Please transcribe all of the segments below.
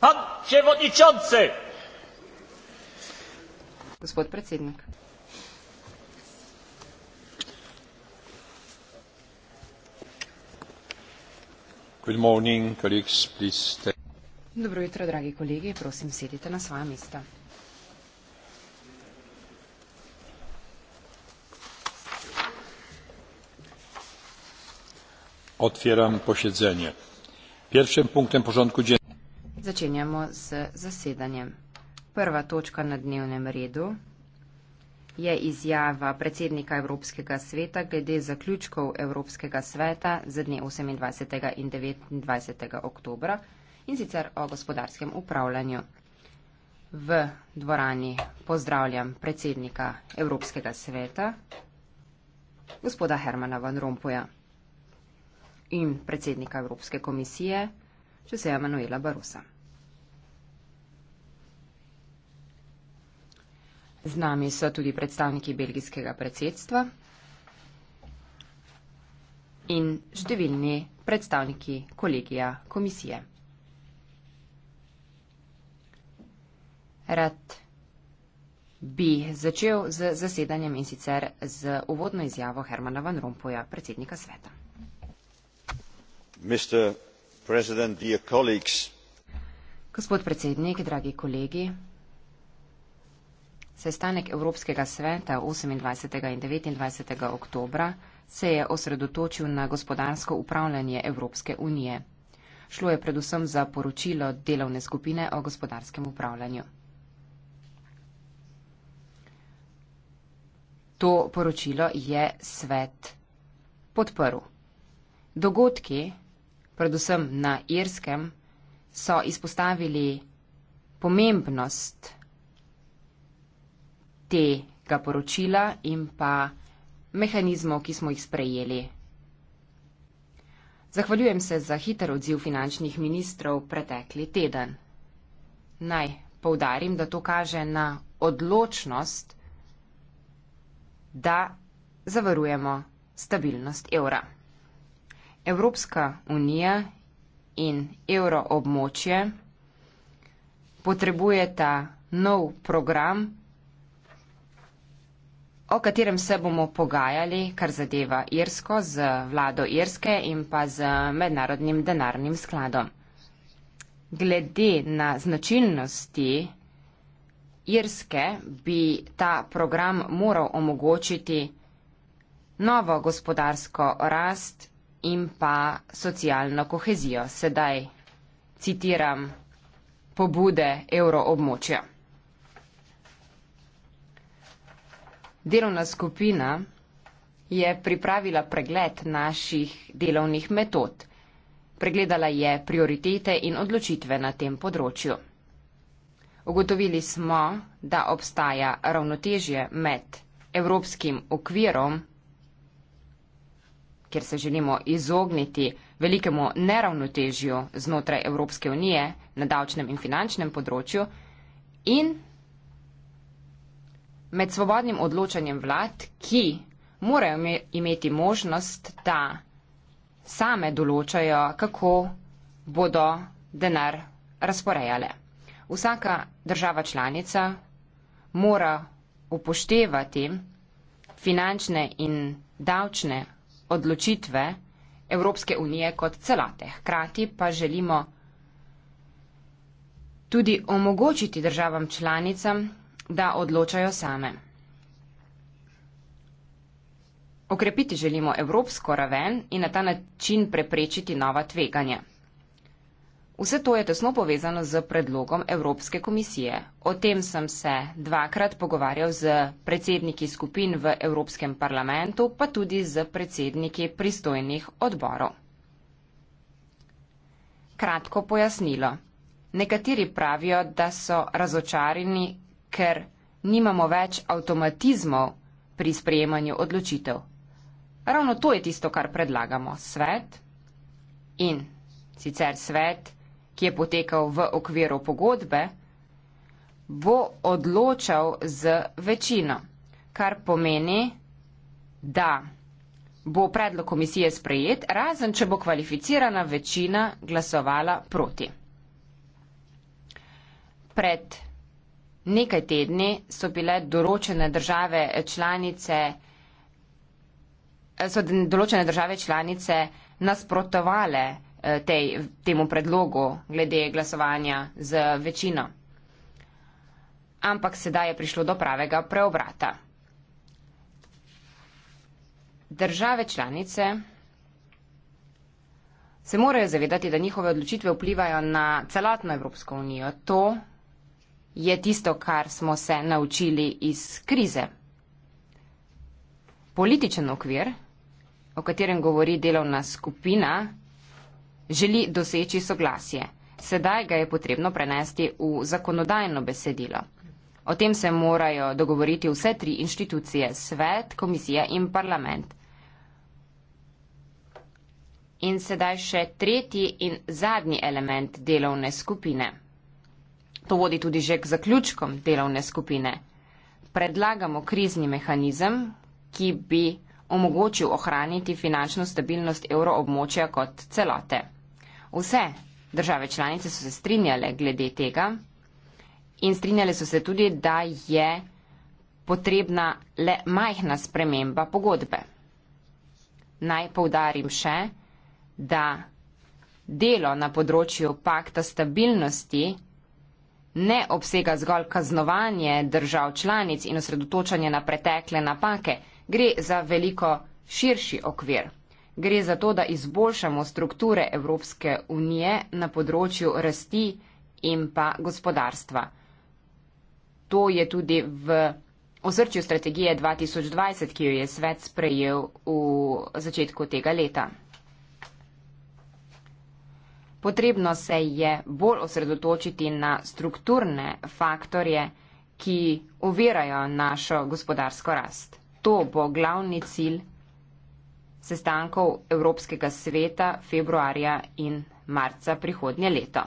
Pan przewodniczący! Gospod predsednik. Good morning, colleagues, please stay. Dobro jutro, dragi kolegi, prosim, sedite na svoja mesta. Otvaram posedenje. Prvim punktom porządku dne. Začenjamo z zasedanjem. Prva točka na dnevnem redu je izjava predsednika Evropskega sveta glede zaključkov Evropskega sveta za dne 28. in 29. oktobra in sicer o gospodarskem upravljanju. V dvorani pozdravljam predsednika Evropskega sveta, gospoda Hermana Van Rompuja in predsednika Evropske komisije, Josea Manuela Barusa. Z nami so tudi predstavniki belgijskega predsedstva in številni predstavniki kolegija komisije. Rad bi začel z zasedanjem in sicer z uvodno izjavo Hermana Van Rompuja, predsednika sveta. Gospod predsednik, dragi kolegi, Sestanek Evropskega sveta 28. in 29. oktobra se je osredotočil na gospodarsko upravljanje Evropske unije. Šlo je predvsem za poročilo delovne skupine o gospodarskem upravljanju. To poročilo je svet podprl. Dogodki, predvsem na Irskem, so izpostavili pomembnost tega poročila in pa mehanizmov, ki smo jih sprejeli. Zahvaljujem se za hiter odziv finančnih ministrov pretekli teden. Naj povdarim, da to kaže na odločnost, da zavarujemo stabilnost evra. Evropska unija in evroobmočje potrebujeta nov program o katerem se bomo pogajali, kar zadeva Irsko z vlado Irske in pa z mednarodnim denarnim skladom. Glede na značilnosti Irske bi ta program moral omogočiti novo gospodarsko rast in pa socialno kohezijo. Sedaj citiram pobude evroobmočja. Delovna skupina je pripravila pregled naših delovnih metod. Pregledala je prioritete in odločitve na tem področju. Ugotovili smo, da obstaja ravnotežje med evropskim okvirom, kjer se želimo izogniti velikemu neravnotežju znotraj Evropske unije na davčnem in finančnem področju, in med svobodnim odločanjem vlad, ki morajo imeti možnost, da same določajo, kako bodo denar razporejale. Vsaka država članica mora upoštevati finančne in davčne odločitve Evropske unije kot celate. Hkrati pa želimo tudi omogočiti državam članicam, da odločajo same. Okrepiti želimo evropsko raven in na ta način preprečiti nova tveganja. Vse to je tesno povezano z predlogom Evropske komisije. O tem sem se dvakrat pogovarjal z predsedniki skupin v Evropskem parlamentu, pa tudi z predsedniki pristojnih odborov. Kratko pojasnilo. Nekateri pravijo, da so razočarani, ker nimamo več avtomatizmov pri sprejemanju odločitev. Ravno to je tisto, kar predlagamo. Svet in sicer svet, ki je potekal v okviru pogodbe, bo odločal z večino, kar pomeni, da bo predlog komisije sprejet, razen če bo kvalificirana večina glasovala proti. Pred nekaj tedni so bile določene države članice, so določene države članice nasprotovale eh, tej, temu predlogu glede glasovanja z večino. Ampak sedaj je prišlo do pravega preobrata. Države članice se morajo zavedati, da njihove odločitve vplivajo na celotno Evropsko unijo. To je tisto, kar smo se naučili iz krize. Političen okvir, o katerem govori delovna skupina, želi doseči soglasje. Sedaj ga je potrebno prenesti v zakonodajno besedilo. O tem se morajo dogovoriti vse tri inštitucije - svet, komisija in parlament. In sedaj še tretji in zadnji element delovne skupine. To vodi tudi že k zaključkom delovne skupine. Predlagamo krizni mehanizem, ki bi omogočil ohraniti finančno stabilnost evroobmočja kot celote. Vse države članice so se strinjale glede tega in strinjale so se tudi, da je potrebna le majhna sprememba pogodbe. Naj povdarim še, da delo na področju pakta stabilnosti ne obsega zgolj kaznovanje držav članic in osredotočanje na pretekle napake, gre za veliko širši okvir. Gre za to, da izboljšamo strukture Evropske unije na področju rasti in pa gospodarstva. To je tudi v osrčju strategije 2020, ki jo je svet sprejel v začetku tega leta. Potrebno se je bolj osredotočiti na strukturne faktorje, ki ovirajo našo gospodarsko rast. To bo glavni cilj sestankov Evropskega sveta februarja in marca prihodnje leto.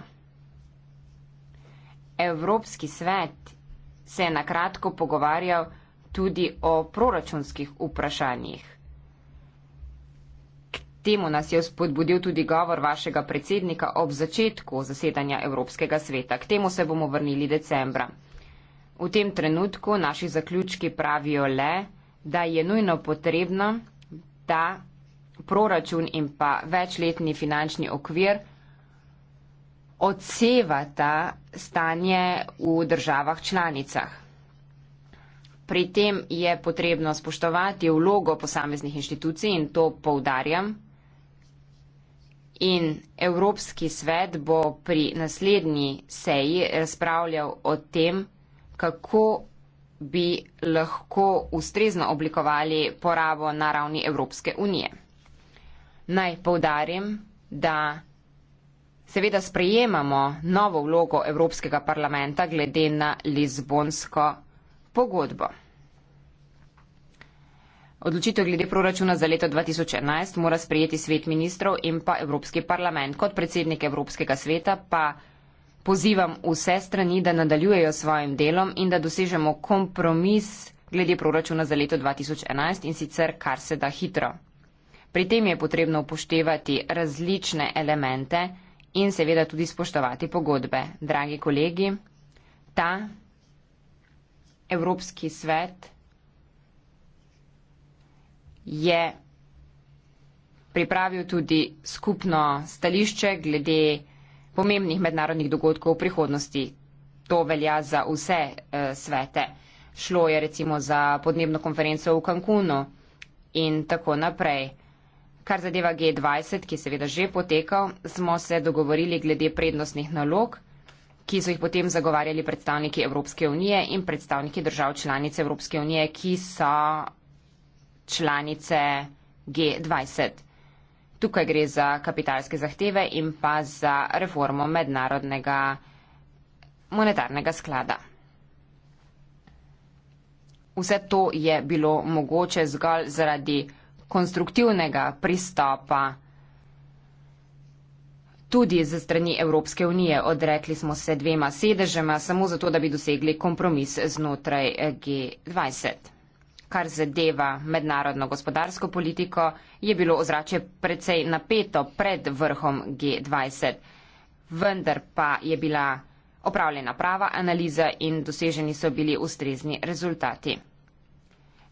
Evropski svet se je nakratko pogovarjal tudi o proračunskih vprašanjih. Temu nas je spodbudil tudi govor vašega predsednika ob začetku zasedanja Evropskega sveta. K temu se bomo vrnili decembra. V tem trenutku naši zaključki pravijo le, da je nujno potrebno, da proračun in pa večletni finančni okvir odsevata stanje v državah članicah. Pri tem je potrebno spoštovati vlogo posameznih inštitucij in to poudarjam, in Evropski svet bo pri naslednji seji razpravljal o tem, kako bi lahko ustrezno oblikovali porabo na ravni Evropske unije. Naj povdarim, da seveda sprejemamo novo vlogo Evropskega parlamenta glede na Lizbonsko pogodbo. Odločitev glede proračuna za leto 2011 mora sprejeti svet ministrov in pa Evropski parlament. Kot predsednik Evropskega sveta pa pozivam vse strani, da nadaljujejo s svojim delom in da dosežemo kompromis glede proračuna za leto 2011 in sicer kar se da hitro. Pri tem je potrebno upoštevati različne elemente in seveda tudi spoštovati pogodbe. Dragi kolegi, ta Evropski svet je pripravil tudi skupno stališče glede pomembnih mednarodnih dogodkov v prihodnosti. To velja za vse eh, svete. Šlo je recimo za podnebno konferenco v Cancunu in tako naprej. Kar zadeva G20, ki je seveda že potekal, smo se dogovorili glede prednostnih nalog, ki so jih potem zagovarjali predstavniki Evropske unije in predstavniki držav članic Evropske unije, ki so članice G20. Tukaj gre za kapitalske zahteve in pa za reformo mednarodnega monetarnega sklada. Vse to je bilo mogoče zgolj zaradi konstruktivnega pristopa tudi ze strani Evropske unije. Odrekli smo se dvema sedežema samo zato, da bi dosegli kompromis znotraj G20 kar zadeva mednarodno gospodarsko politiko, je bilo ozračje precej napeto pred vrhom G20. Vendar pa je bila opravljena prava analiza in doseženi so bili ustrezni rezultati.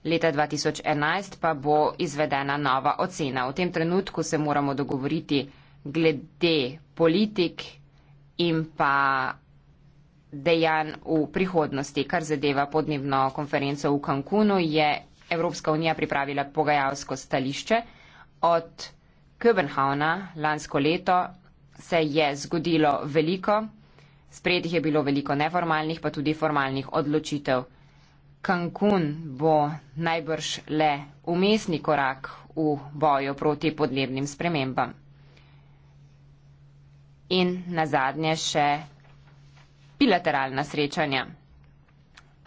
Leta 2011 pa bo izvedena nova ocena. V tem trenutku se moramo dogovoriti glede politik in pa dejanj v prihodnosti. Kar zadeva podnebno konferenco v Cancunu, je Evropska unija pripravila pogajalsko stališče. Od Köbenhavna lansko leto se je zgodilo veliko, sprednjih je bilo veliko neformalnih, pa tudi formalnih odločitev. Cancun bo najbrž le umestni korak v boju proti podnebnim spremembam. In na zadnje še bilateralna srečanja.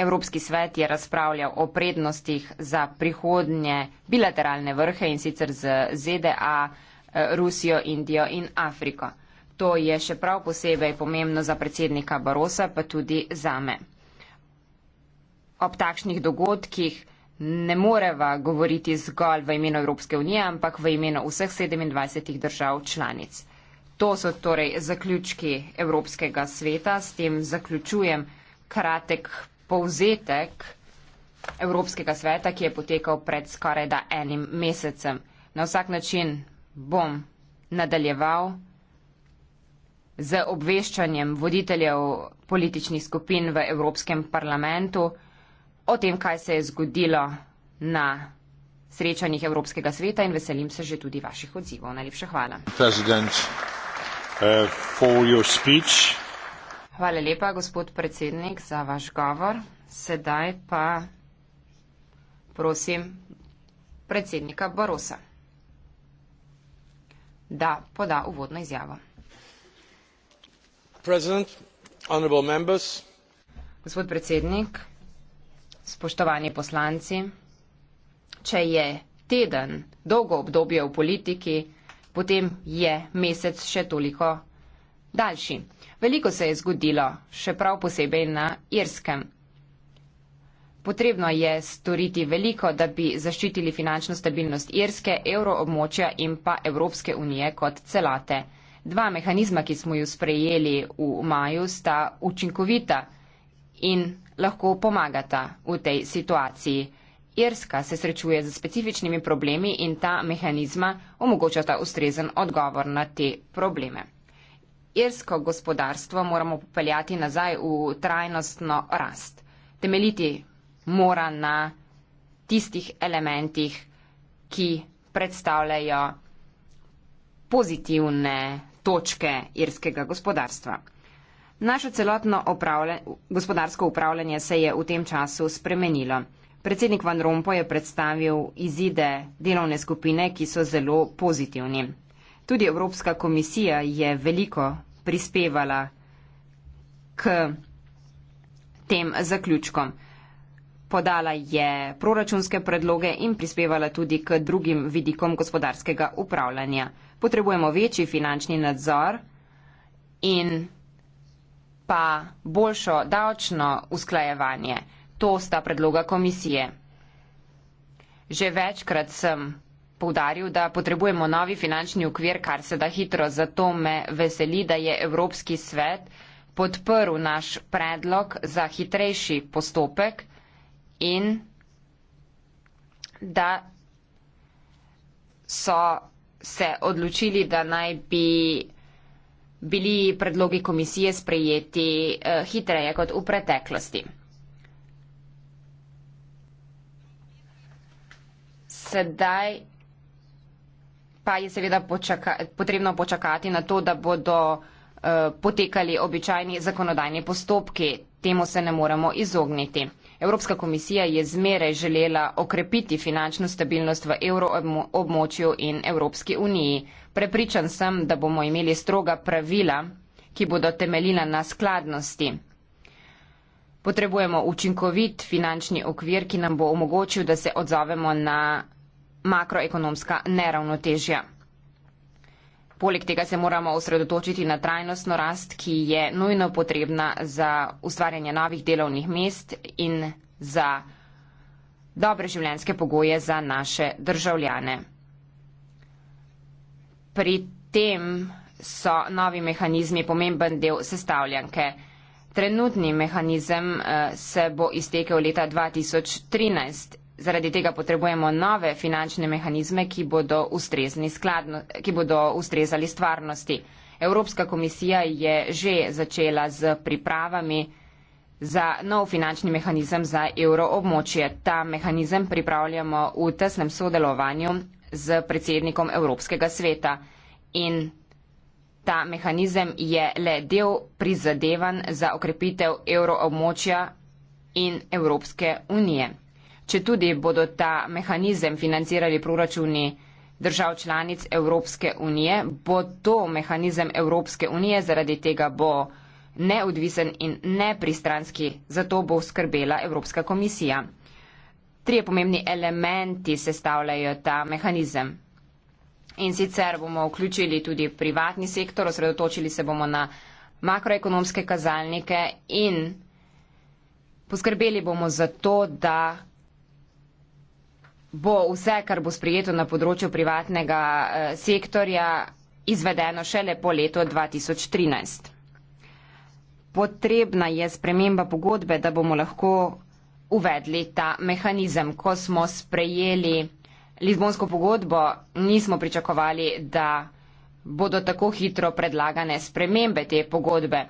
Evropski svet je razpravljal o prednostih za prihodnje bilateralne vrhe in sicer z ZDA, eh, Rusijo, Indijo in Afriko. To je še prav posebej pomembno za predsednika Barosa, pa tudi za me. Ob takšnih dogodkih ne moreva govoriti zgolj v imenu Evropske unije, ampak v imenu vseh 27 držav članic. To so torej zaključki Evropskega sveta. S tem zaključujem kratek povzetek Evropskega sveta, ki je potekal pred skoraj da enim mesecem. Na vsak način bom nadaljeval z obveščanjem voditeljev političnih skupin v Evropskem parlamentu o tem, kaj se je zgodilo na srečanjih Evropskega sveta in veselim se že tudi vaših odzivov. Najlepša hvala. President. Uh, Hvala lepa, gospod predsednik, za vaš govor. Sedaj pa prosim predsednika Barosa, da poda uvodno izjavo. Gospod predsednik, spoštovani poslanci, če je teden dolgo obdobje v politiki, potem je mesec še toliko daljši. Veliko se je zgodilo, še prav posebej na Irskem. Potrebno je storiti veliko, da bi zaščitili finančno stabilnost Irske, evroobmočja in pa Evropske unije kot celate. Dva mehanizma, ki smo ju sprejeli v maju, sta učinkovita in lahko pomagata v tej situaciji. Irska se srečuje z specifičnimi problemi in ta mehanizma omogočata ustrezen odgovor na te probleme. Irsko gospodarstvo moramo popeljati nazaj v trajnostno rast. Temeljiti mora na tistih elementih, ki predstavljajo pozitivne točke irskega gospodarstva. Naše celotno upravlja, gospodarsko upravljanje se je v tem času spremenilo. Predsednik Van Rompuy je predstavil izide delovne skupine, ki so zelo pozitivni. Tudi Evropska komisija je veliko prispevala k tem zaključkom. Podala je proračunske predloge in prispevala tudi k drugim vidikom gospodarskega upravljanja. Potrebujemo večji finančni nadzor in pa boljšo davčno usklajevanje to sta predloga komisije. Že večkrat sem povdaril, da potrebujemo novi finančni ukvir, kar se da hitro, zato me veseli, da je Evropski svet podprl naš predlog za hitrejši postopek in da so se odločili, da naj bi bili predlogi komisije sprejeti eh, hitreje kot v preteklosti. sedaj pa je seveda počaka, potrebno počakati na to, da bodo eh, potekali običajni zakonodajni postopki. Temu se ne moremo izogniti. Evropska komisija je zmeraj želela okrepiti finančno stabilnost v evroobmočju in Evropski uniji. Prepričan sem, da bomo imeli stroga pravila, ki bodo temeljila na skladnosti. Potrebujemo učinkovit finančni okvir, ki nam bo omogočil, da se odzovemo na makroekonomska neravnotežja. Poleg tega se moramo osredotočiti na trajnostno rast, ki je nujno potrebna za ustvarjanje novih delovnih mest in za dobre življenjske pogoje za naše državljane. Pri tem so novi mehanizmi pomemben del sestavljanke. Trenutni mehanizem eh, se bo iztekel leta 2013 Zaradi tega potrebujemo nove finančne mehanizme, ki bodo, skladno, ki bodo ustrezali stvarnosti. Evropska komisija je že začela z pripravami za nov finančni mehanizem za evroobmočje. Ta mehanizem pripravljamo v tesnem sodelovanju z predsednikom Evropskega sveta in ta mehanizem je le del prizadevan za okrepitev evroobmočja in Evropske unije če tudi bodo ta mehanizem financirali proračuni držav članic Evropske unije, bo to mehanizem Evropske unije, zaradi tega bo neodvisen in nepristranski, zato bo skrbela Evropska komisija. Trije pomembni elementi sestavljajo ta mehanizem. In sicer bomo vključili tudi privatni sektor, osredotočili se bomo na makroekonomske kazalnike in poskrbeli bomo za to, da bo vse, kar bo sprijeto na področju privatnega eh, sektorja, izvedeno šele po letu 2013. Potrebna je sprememba pogodbe, da bomo lahko uvedli ta mehanizem. Ko smo sprejeli Lizbonsko pogodbo, nismo pričakovali, da bodo tako hitro predlagane spremembe te pogodbe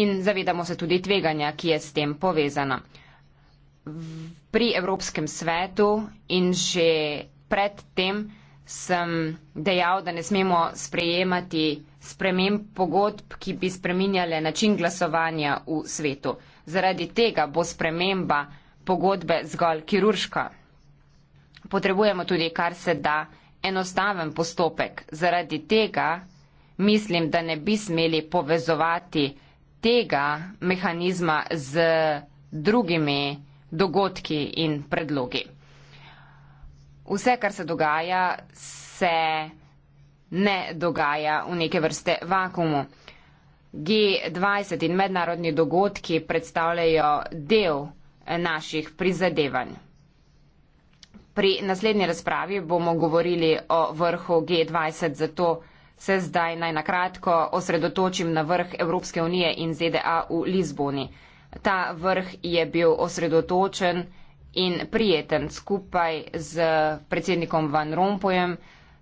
in zavedamo se tudi tveganja, ki je s tem povezana pri Evropskem svetu in že predtem sem dejal, da ne smemo sprejemati sprememb pogodb, ki bi spreminjale način glasovanja v svetu. Zaradi tega bo sprememba pogodbe zgolj kirurška. Potrebujemo tudi, kar se da, enostaven postopek. Zaradi tega mislim, da ne bi smeli povezovati tega mehanizma z drugimi mehanizmi dogodki in predlogi. Vse, kar se dogaja, se ne dogaja v neke vrste vakumu. G20 in mednarodni dogodki predstavljajo del naših prizadevanj. Pri naslednji razpravi bomo govorili o vrhu G20, zato se zdaj naj nakratko osredotočim na vrh Evropske unije in ZDA v Lizboni ta vrh je bil osredotočen in prijeten. Skupaj z predsednikom Van Rompojem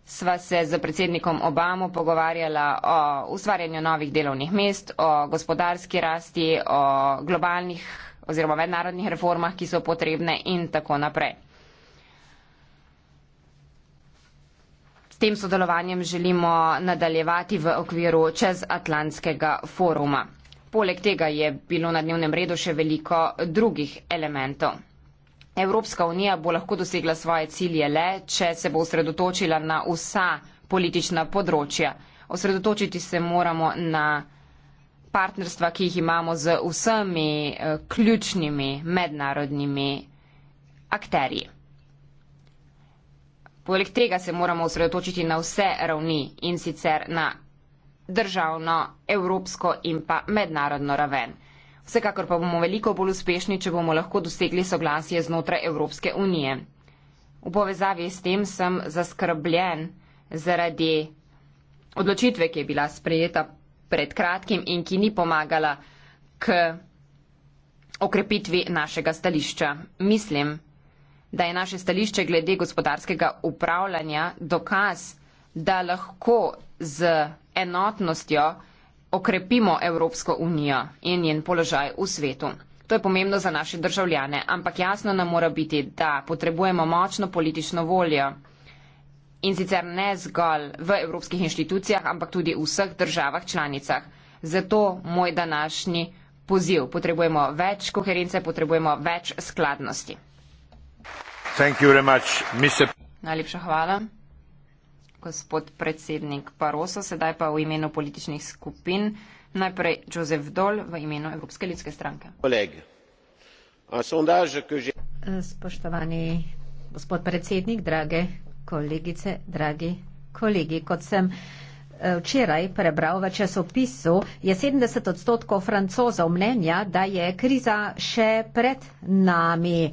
sva se z predsednikom Obamo pogovarjala o ustvarjanju novih delovnih mest, o gospodarski rasti, o globalnih oziroma mednarodnih reformah, ki so potrebne in tako naprej. S tem sodelovanjem želimo nadaljevati v okviru čezatlantskega foruma. Poleg tega je bilo na dnevnem redu še veliko drugih elementov. Evropska unija bo lahko dosegla svoje cilje le, če se bo osredotočila na vsa politična področja. Osredotočiti se moramo na partnerstva, ki jih imamo z vsemi eh, ključnimi mednarodnimi akterji. Poleg tega se moramo osredotočiti na vse ravni in sicer na državno, evropsko in pa mednarodno raven. Vsekakor pa bomo veliko bolj uspešni, če bomo lahko dosegli soglasje znotraj Evropske unije. V povezavi s tem sem zaskrbljen zaradi odločitve, ki je bila sprejeta pred kratkim in ki ni pomagala k okrepitvi našega stališča. Mislim, da je naše stališče glede gospodarskega upravljanja dokaz, da lahko z enotnostjo okrepimo Evropsko unijo in njen položaj v svetu. To je pomembno za naše državljane, ampak jasno nam mora biti, da potrebujemo močno politično voljo. In sicer ne zgolj v evropskih inštitucijah, ampak tudi v vseh državah članicah. Zato moj današnji poziv. Potrebujemo več koherence, potrebujemo več skladnosti. Najlepša hvala gospod predsednik Paroso, sedaj pa v imenu političnih skupin. Najprej Jozef Dol v imenu Evropske ljudske stranke. Spoštovani gospod predsednik, drage kolegice, dragi kolegi, kot sem eh, včeraj prebral v časopisu, je 70 odstotkov francozov mnenja, da je kriza še pred nami.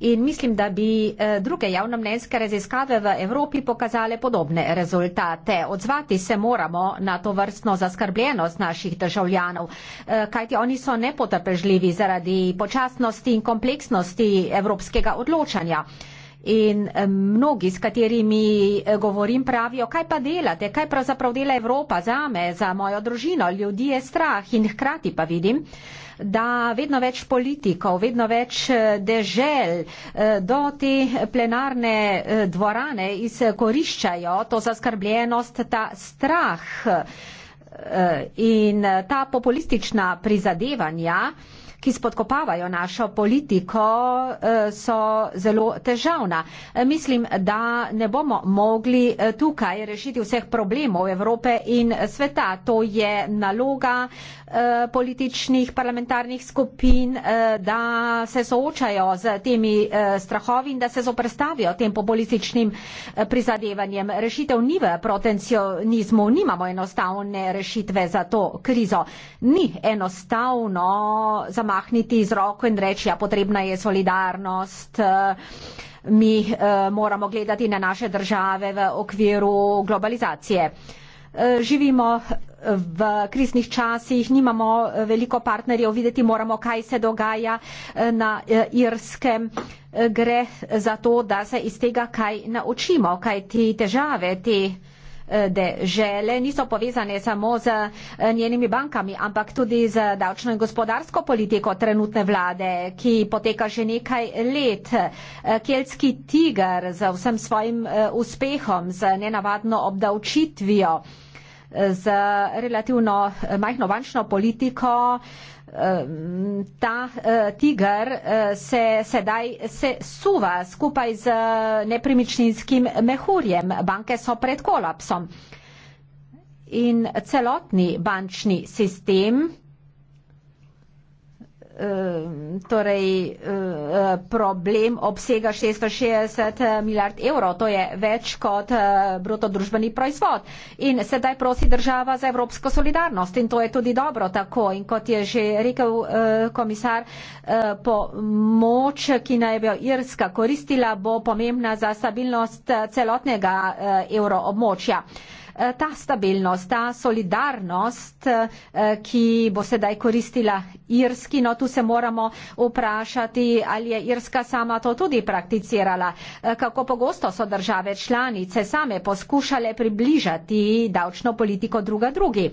In mislim, da bi eh, druge javnomnenjske raziskave v Evropi pokazale podobne rezultate. Odzvati se moramo na to vrstno zaskrbljenost naših državljanov, eh, kajti oni so nepotrpežljivi zaradi počasnosti in kompleksnosti evropskega odločanja. In eh, mnogi, s katerimi govorim, pravijo, kaj pa delate, kaj pravzaprav dela Evropa za me, za mojo družino, ljudi je strah in hkrati pa vidim, da vedno več politikov, vedno več eh, dežel eh, do te plenarne eh, dvorane izkoriščajo to zaskrbljenost, ta strah in ta populistična prizadevanja ki spodkopavajo našo politiko, eh, so zelo težavna. Eh, mislim, da ne bomo mogli eh, tukaj rešiti vseh problemov Evrope in sveta. To je naloga političnih parlamentarnih skupin, da se soočajo z temi strahovi in da se zoprstavijo tem populističnim prizadevanjem. Rešitev ni v protencionizmu, nimamo enostavne rešitve za to krizo. Ni enostavno zamrzati zamahniti z roko in reči, ja, potrebna je solidarnost. Eh, mi eh, moramo gledati na naše države v okviru globalizacije. Eh, živimo v kriznih časih, nimamo veliko partnerjev, videti moramo, kaj se dogaja na Irskem. Gre za to, da se iz tega kaj naučimo, kaj ti težave, ti težave. Eh, dežele niso povezane samo z eh, njenimi bankami, ampak tudi z davčno in gospodarsko politiko trenutne vlade, ki poteka že nekaj let. Eh, keltski tiger z vsem svojim uspehom, z nenavadno obdavčitvijo, z relativno majhno bančno politiko, Eh, ta eh, tiger eh, se sedaj se suva skupaj z nepremičninskim mehurjem. Banke so pred kolapsom. In celotni bančni sistem Eh, torej eh, problem obsega 660 eh, milijard evrov, to je več kot brutodružbeni proizvod. In sedaj prosi država za evropsko solidarnost in to je tudi dobro tako. In kot je že rekel komisar, pomoč, ki naj bi jo Irska koristila, bo pomembna za stabilnost celotnega evroobmočja. območja. Eh, ta stabilnost, ta solidarnost, eh, ki bo sedaj koristila Irski. No, tu se moramo vprašati, ali je Irska sama to tudi prakticirala. Eh, kako pogosto so države članice same poskušale približati davčno politiko druga drugi.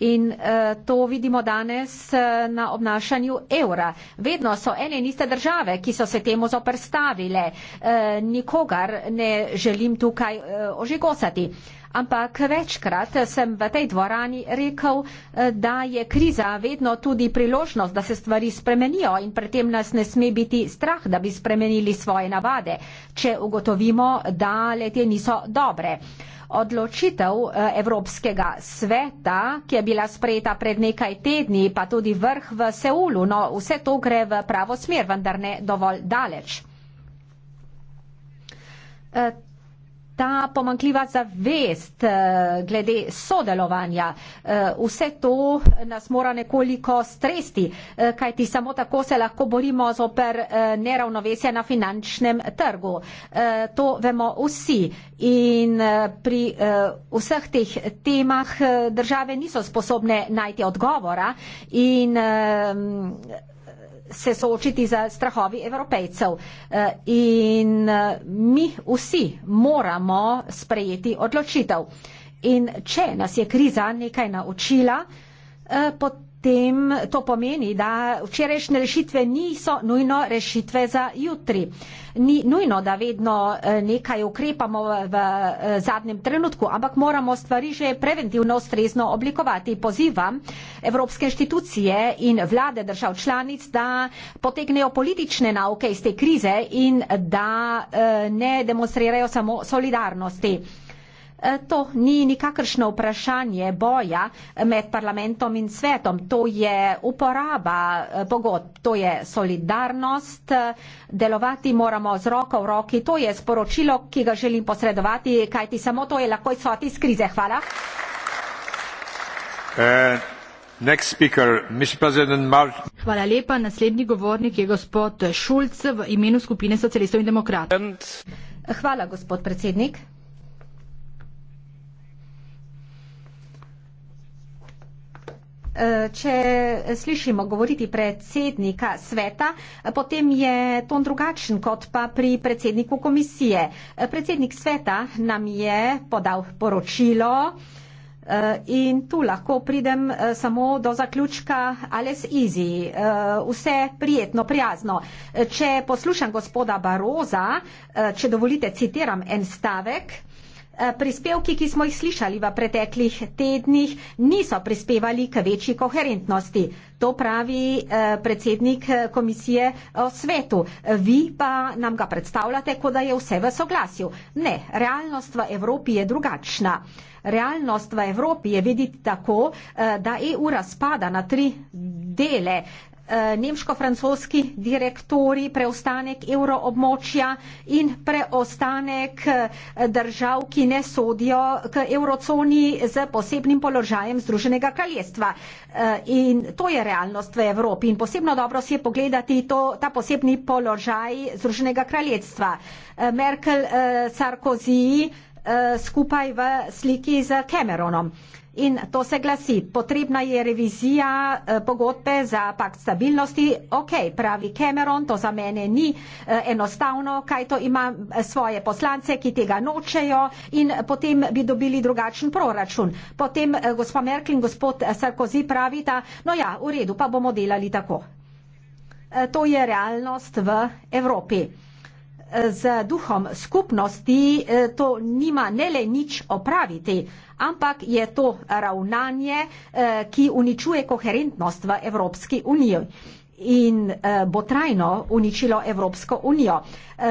In uh, to vidimo danes uh, na obnašanju evra. Vedno so ene in iste države, ki so se temu zoprstavile. Uh, nikogar ne želim tukaj uh, ožigosati. Uh, ampak večkrat sem v tej dvorani rekel, eh, da je kriza vedno tudi priložnost, da se stvari spremenijo in pri tem nas ne sme biti strah, da bi spremenili svoje navade, če ugotovimo, da letje niso dobre. Odločitev eh, Evropskega sveta, ki je bila sprejeta pred nekaj tedni, pa tudi vrh v Seulu, no vse to gre v pravo smer, vendar ne dovolj daleč. Eh, ta pomankljiva zavest eh, glede sodelovanja, eh, vse to nas mora nekoliko stresti, eh, kajti samo tako se lahko borimo z oper neravnovesja na finančnem trgu. To vemo vsi in pri vseh teh temah države niso sposobne najti odgovora in se soočiti z strahovi evropejcev. Eh, in eh, mi vsi moramo sprejeti odločitev. In če nas je kriza nekaj naučila, eh, potem tem to pomeni, da včerajšnje rešitve niso nujno rešitve za jutri. Ni nujno, da vedno eh, nekaj ukrepamo v eh, zadnjem trenutku, ampak moramo stvari že preventivno ustrezno oblikovati. Pozivam evropske inštitucije in vlade držav članic, da potegnejo politične nauke iz te krize in da eh, ne demonstrirajo samo solidarnosti. Eh, to ni nikakršno vprašanje boja med parlamentom in svetom, to je uporaba eh, pogodb, to je solidarnost, delovati moramo z roko v roki, to je sporočilo, ki ga želim posredovati, kajti samo to je lahko izhod iz krize. Hvala. Uh. Next speaker, Mr. President Martin. Hvala lepa. Naslednji govornik je gospod Šulc v imenu skupine socialistov in demokratov. Hvala, gospod predsednik. če slišimo govoriti predsednika sveta, potem je ton drugačen kot pa pri predsedniku komisije. Predsednik sveta nam je podal poročilo eh, in tu lahko pridem eh, samo do zaključka Ales Izi. Eh, vse prijetno, prijazno. Če poslušam gospoda Baroza, če dovolite, citiram en stavek. Eh, prispevki, ki smo jih slišali v preteklih tednih, niso prispevali k večji koherentnosti. To pravi eh, predsednik eh, komisije o svetu. Vi pa nam ga predstavljate, kot da je vse v soglasju. Ne, realnost v Evropi je drugačna. Realnost v Evropi je videti tako, da EU razpada na tri dele. Eh, nemško-francoski direktori, preostanek evroobmočja in preostanek eh, držav, ki ne sodijo k eurozoni z posebnim položajem Združenega kraljestva. Eh, in to je realnost v Evropi in posebno dobro si je pogledati to, ta posebni položaj Združenega kraljestva. Merkel, Sarkozy skupaj v sliki z Cameronom. In to se glasi, potrebna je revizija eh, pogodbe za pakt stabilnosti. Ok, pravi Cameron, to za mene ni eh, enostavno, kaj to ima eh, svoje poslance, ki tega nočejo in potem bi dobili drugačen proračun. Potem eh, gospod Merkel in gospod eh, Sarkozy pravita, no ja, v redu, pa bomo delali tako. Eh, to je realnost v Evropi z duhom skupnosti eh, to nima ne le nič opraviti, ampak je to ravnanje, eh, ki uničuje koherentnost v Evropski uniji in eh, bo trajno uničilo Evropsko unijo.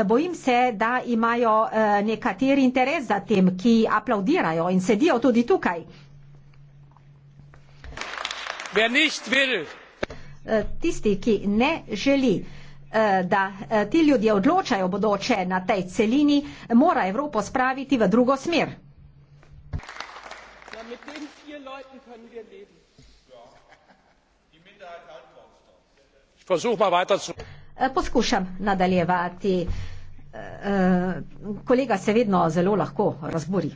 Bojim se, da imajo nekateri interes za tem, ki aplaudirajo in sedijo tudi tukaj. Tisti, ki ne želi, Eh, da eh, ti ljudje odločajo bodoče na tej celini, mora Evropo spraviti v drugo smer. Ja, ja. eh, poskušam nadaljevati. Kolega se vedno zelo lahko razburi.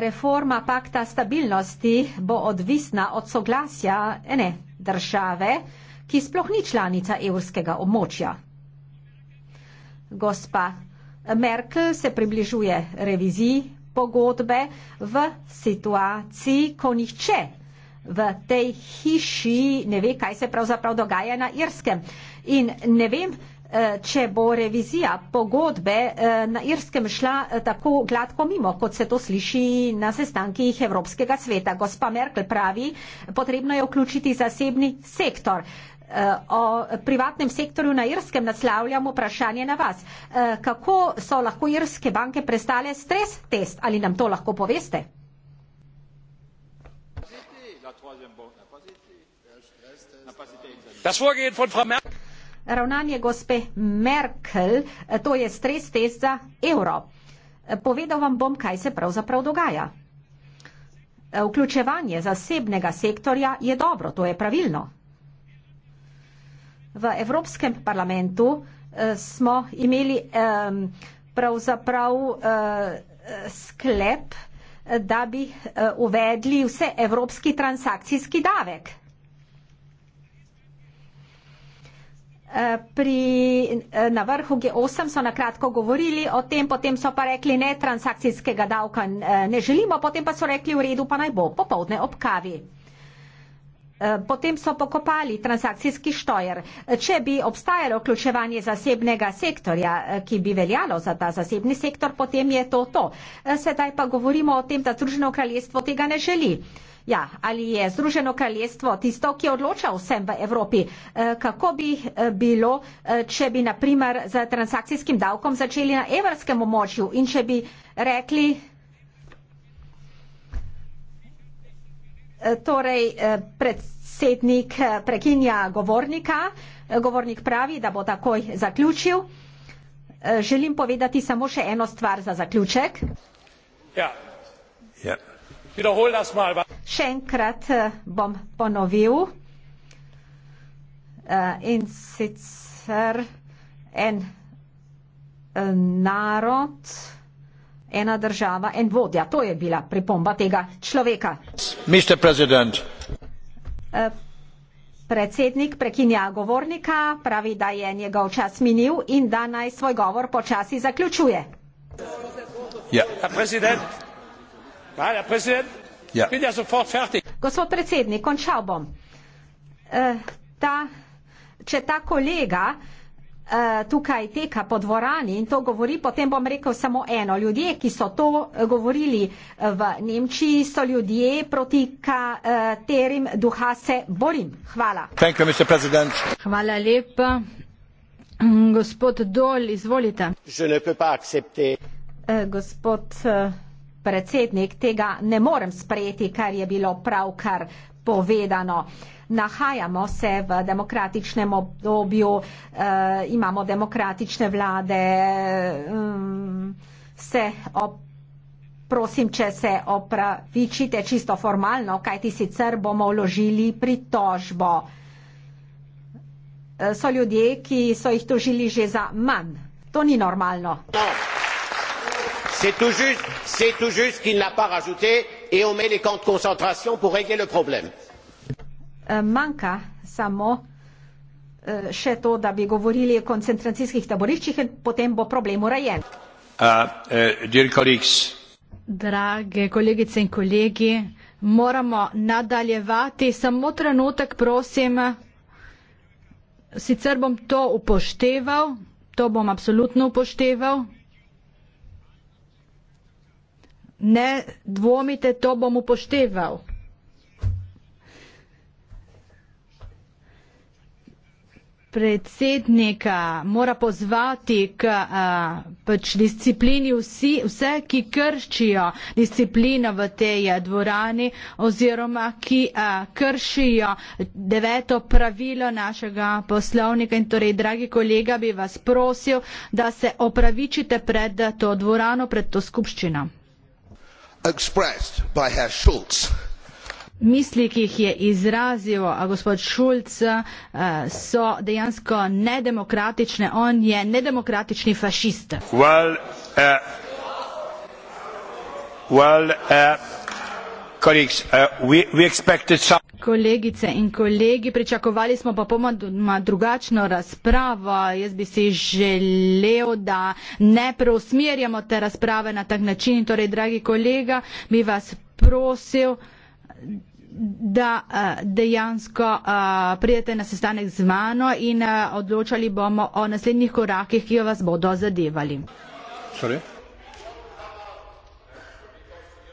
Reforma pakta stabilnosti bo odvisna od soglasja ene države, ki sploh ni članica evrskega območja. Gospa Merkel se približuje reviziji pogodbe v situaciji, ko nihče v tej hiši ne ve, kaj se pravzaprav dogaja na Irskem. In ne vem, eh, če bo revizija pogodbe eh, na Irskem šla eh, tako gladko mimo, kot se to sliši na sestankih Evropskega sveta. Gospa Merkel pravi, potrebno je vključiti zasebni sektor o privatnem sektorju na Irskem naslavljam vprašanje na vas. E, kako so lahko irske banke prestale stres test? Ali nam to lahko poveste? Ravnanje gospe Merkel, e, to je stres test za evro. E, povedal vam bom, kaj se pravzaprav dogaja. Vključevanje zasebnega sektorja je dobro, to je pravilno v Evropskem parlamentu eh, smo imeli pravzaprav eh, sklep, eh, da bi uvedli vse evropski transakcijski davek. Pri, na vrhu G8 so nakratko govorili o tem, potem so pa rekli ne transakcijskega davka ne želimo, potem pa so rekli v redu, pa naj bo popovdne ob kavi. Eh, potem so pokopali transakcijski štojer. Če bi obstajalo vključevanje zasebnega sektorja, eh, ki bi veljalo za ta zasebni sektor, potem je to to. Eh, sedaj pa govorimo o tem, da Združeno kraljestvo tega ne želi. Ja, ali je Združeno kraljestvo tisto, ki odloča vsem v Evropi? Kako bi bilo, če bi naprimer z transakcijskim davkom začeli na evrskem območju in če bi rekli, torej pred predsednik eh, prekinja govornika. Eh, govornik pravi, da bo takoj zaključil. Eh, želim povedati samo še eno stvar za zaključek. Ja. Ja. Das mal. Še enkrat bom ponovil in sicer en narod, ena država, en vodja. To je bila pripomba tega človeka. Mr. President. Eh, predsednik prekinja govornika, pravi, da je njegov čas minil in da naj svoj govor počasi zaključuje. Ja. Ja. ja Gospod predsednik, končal bom. Eh, ta, če ta kolega uh, Eh, tukaj teka po dvorani in to govori, potem bom rekel samo eno. Ljudje, ki so to eh, govorili eh, v Nemčiji, so ljudje, proti katerim duha se borim. Hvala. You, Hvala lepa. Gospod Dol, izvolite. Gospod predsednik, tega ne morem sprejeti, kar je bilo pravkar povedano. Uh, nahajamo se v demokratičnem obdobju, uh, imamo demokratične vlade, um, se op prosim, če se opravičite čisto formalno, kaj ti sicer bomo vložili pritožbo. Eh, so ljudje, ki so jih tožili že za manj. To ni normalno. C'est tout juste, c'est tout juste qu'il n'a pas rajouté et on met les camps de concentration pour régler le problème. Eh, manjka samo eh, še to, da bi govorili o koncentracijskih taboriščih in potem bo problem urejen. Uh, uh, Drage kolegice in kolegi, moramo nadaljevati. Samo trenutek, prosim. Sicer bom to upošteval, to bom absolutno upošteval. Ne dvomite, to bom upošteval. predsednika mora pozvati k a, eh, pač disciplini vsi, vse, ki kršijo disciplino v tej eh, dvorani oziroma ki a, eh, kršijo deveto pravilo našega poslovnika. In torej, dragi kolega, bi vas prosil, da se opravičite pred to dvorano, pred to skupščino. Expressed by Herr Schulz. Misli, ki jih je izrazil gospod Šulc, eh, so dejansko nedemokratične. On je nedemokratični fašist. Well, uh, well, uh, uh, we, we some... Kolegice in kolegi, pričakovali smo pa pomoč drugačno razpravo. Jaz bi si želel, da ne preusmerjamo te razprave na tak način. Torej, dragi kolega, bi vas prosil da eh, dejansko eh, pridete na sestanek z mano in eh, odločali bomo o naslednjih korakih, ki jo vas bodo zadevali. Sorry.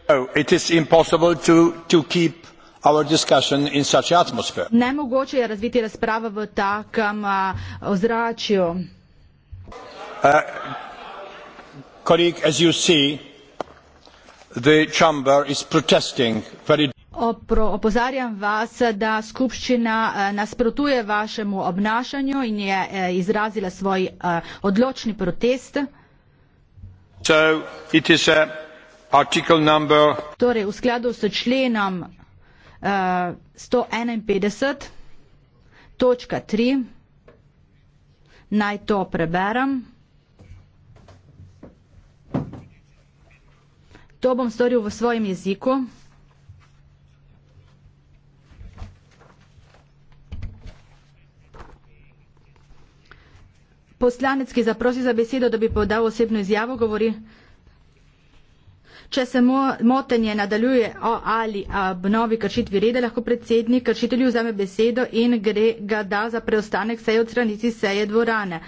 Oh, Nemogoče je razviti razpravo v takem ozračju. Kolega, kot vidite, je dvorana protestirala. Opro, opozarjam vas, da skupščina eh, nasprotuje vašemu obnašanju in je eh, izrazila svoj eh, odločni protest. So, it is a article number... Torej, v skladu s členom uh, 151, točka 3, naj to preberem. To bom storil v svojem jeziku. Poslanec, ki zaprosi za besedo, da bi podal osebno izjavo, govori, če se mo motenje nadaljuje o ali ob novi kršitvi reda, lahko predsednik kršitelju vzame besedo in gre ga da za preostanek seje od stranici seje dvorane.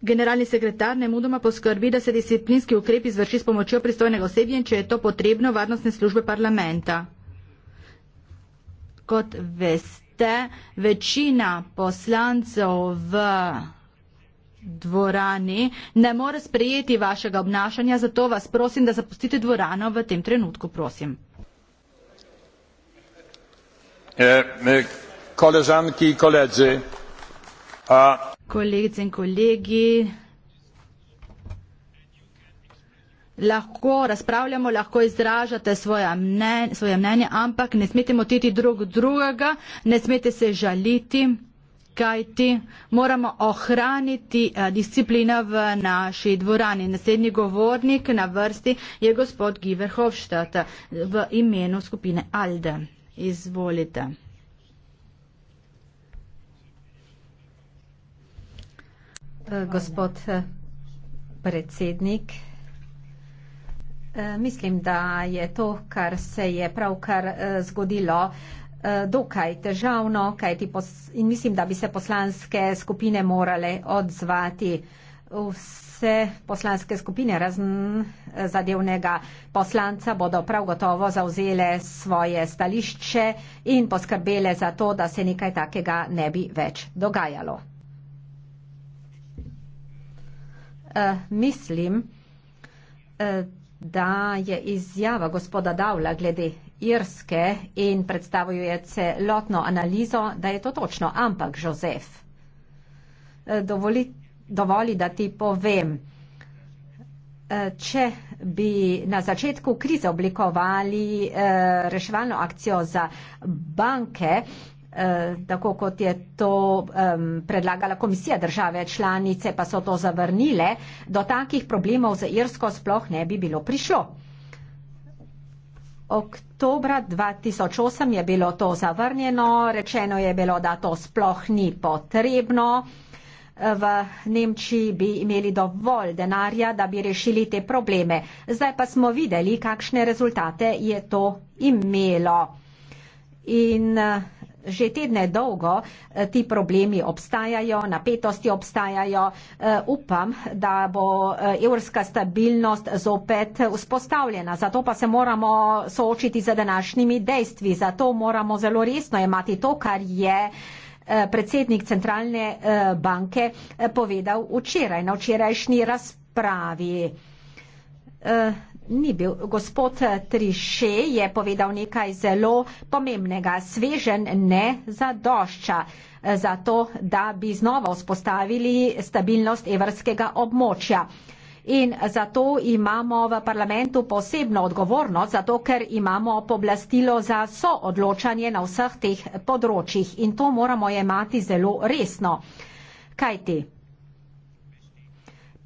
Generalni sekretar ne mudoma poskrbi, da se disciplinski ukrep izvrši s pomočjo pristojnega osebja in če je to potrebno, varnostne službe parlamenta. Kot veste ste večina poslancev v dvorani, ne more sprejeti vašega obnašanja, zato vas prosim, da zapustite dvorano v tem trenutku, prosim. E, e, Kolegice in kolegi, lahko razpravljamo, lahko izražate mnen svoje mnenje, ampak ne smete motiti drug drugega, ne smete se žaliti, kajti moramo ohraniti eh, disciplino v naši dvorani. Naslednji govornik na vrsti je gospod Giver Hofstadt eh, v imenu skupine Alde. Izvolite. Eh, gospod predsednik, E, mislim, da je to, kar se je pravkar e, zgodilo, e, dokaj težavno, kajti in mislim, da bi se poslanske skupine morale odzvati. Vse poslanske skupine razn zadevnega poslanca bodo prav gotovo zauzele svoje stališče in poskrbele za to, da se nekaj takega ne bi več dogajalo. Mislim, da je izjava gospoda Davla glede Irske in predstavuje celotno analizo, da je to točno. Ampak, Jozef, eh, dovoli, dovoli, da ti povem, eh, če bi na začetku krize oblikovali eh, reševalno akcijo za banke, Eh, tako kot je to um, predlagala komisija države članice, pa so to zavrnile, do takih problemov za Irsko sploh ne bi bilo prišlo. Oktobra 2008 je bilo to zavrnjeno, rečeno je bilo, da to sploh ni potrebno. V Nemčiji bi imeli dovolj denarja, da bi rešili te probleme. Zdaj pa smo videli, kakšne rezultate je to imelo. In uh, že tedne dolgo eh, ti problemi obstajajo, napetosti obstajajo. Eh, upam, da bo eh, evrska stabilnost zopet vzpostavljena. Zato pa se moramo soočiti z današnjimi dejstvi. Zato moramo zelo resno imati to, kar je predsednik centralne banke povedal včeraj, na včerajšnji razpravi ni bil. Gospod Triše je povedal nekaj zelo pomembnega. Svežen ne zadošča za to, da bi znova vzpostavili stabilnost evrskega območja. In zato imamo v parlamentu posebno odgovornost, zato ker imamo poblastilo za soodločanje na vseh teh področjih. In to moramo jemati zelo resno. Kaj ti?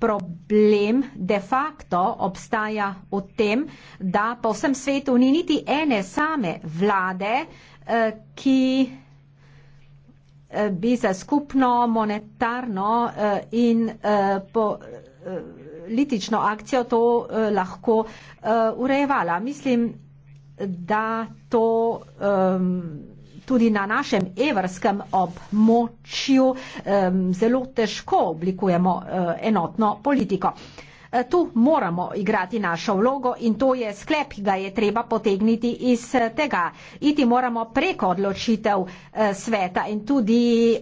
problem de facto obstaja v tem, da po vsem svetu ni niti ene same vlade, eh, ki eh, bi za skupno monetarno eh, in politično akcijo to lahko urejevala. Mislim, da to. Um, tudi na našem evrskem območju zelo težko oblikujemo eh, enotno politiko. Eh, tu moramo igrati našo vlogo in to je sklep, ki ga je treba potegniti iz eh, tega. Iti moramo preko odločitev sveta in tudi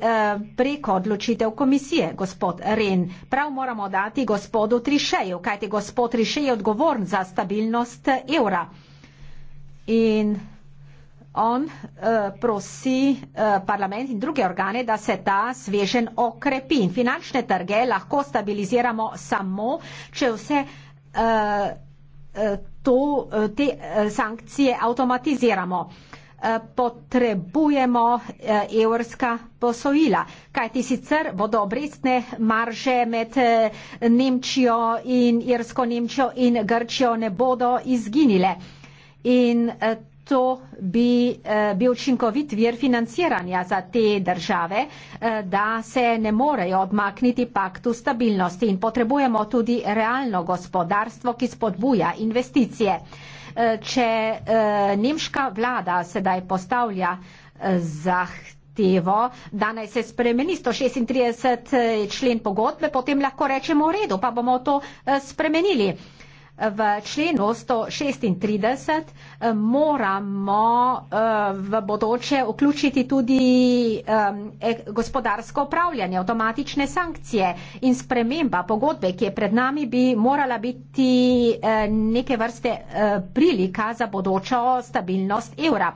preko odločitev komisije, gospod Ren. Prav moramo dati gospodu Trišeju, kajti gospod Trišej je odgovoren za stabilnost evra. In on eh, prosi eh, parlament in druge organe, da se ta svežen okrepi. In finančne trge lahko stabiliziramo samo, če vse eh, to, te sankcije avtomatiziramo. Potrebujemo evrska posojila, kajti sicer bodo obrestne marže med Nemčijo in Irsko Nemčijo in Grčijo ne bodo izginile. In to bi eh, bil učinkovit vir financiranja za te države, eh, da se ne morejo odmakniti paktu stabilnosti in potrebujemo tudi realno gospodarstvo, ki spodbuja investicije. Eh, če eh, nemška vlada sedaj postavlja eh, zahtev, Tevo, danes se spremeni 136 eh, člen pogodbe, potem lahko rečemo v redu, pa bomo to eh, spremenili. Uh, v členu 136 eh, moramo eh, v bodoče vključiti tudi e, gospodarsko upravljanje, avtomatične sankcije in sprememba pogodbe, ki je pred nami, bi morala biti eh, neke vrste prilika za bodočo stabilnost evra.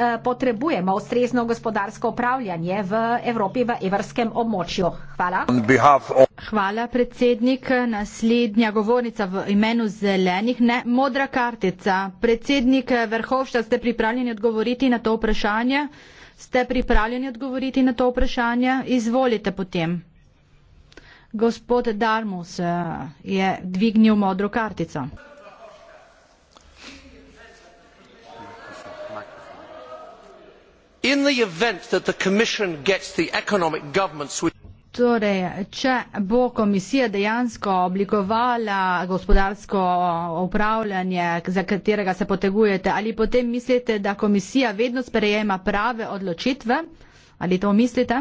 Eh, potrebujemo ustrezno gospodarsko upravljanje v Evropi v evrskem območju. Hvala. Hvala, predsednik. Naslednja govornica v imenu zelenih, ne modra kartica. Predsednik eh, Verhovšta, ste pripravljeni odgovoriti na to vprašanje? Ste pripravljeni odgovoriti na to vprašanje? Izvolite potem. Gospod Darmus eh, je dvignil modro kartico. in the event that the commission gets the economic governments which Torej, če bo komisija dejansko oblikovala gospodarsko upravljanje, za katerega se potegujete, ali potem mislite, da komisija vedno sprejema prave odločitve? Ali to mislite?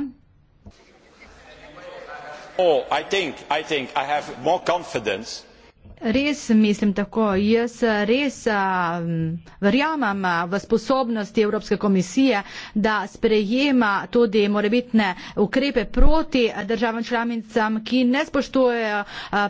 Oh, I think, I think I have more confidence res mislim tako. Jaz res verjamem v sposobnosti Evropske komisije, da sprejema tudi morebitne ukrepe proti državam članicam, ki ne spoštujejo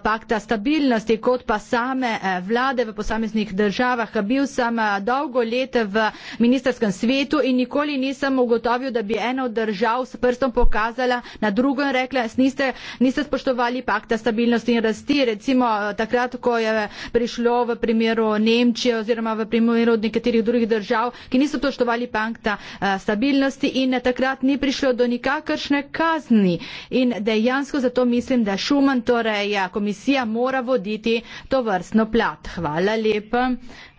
pakta stabilnosti, kot pa same vlade v posameznih državah. Bil sem dolgo let v ministerskem svetu in nikoli nisem ugotovil, da bi eno držav s prstom pokazala na drugo in rekla, niste, niste spoštovali pakta stabilnosti in rasti. Recimo, takrat, ko je prišlo v primeru Nemčije oziroma v primeru nekaterih drugih držav, ki niso poštovali pankta eh, stabilnosti in takrat ni prišlo do nikakršne kazni. In dejansko zato mislim, da Šuman, torej eh, komisija, mora voditi to vrstno plat. Hvala lepa.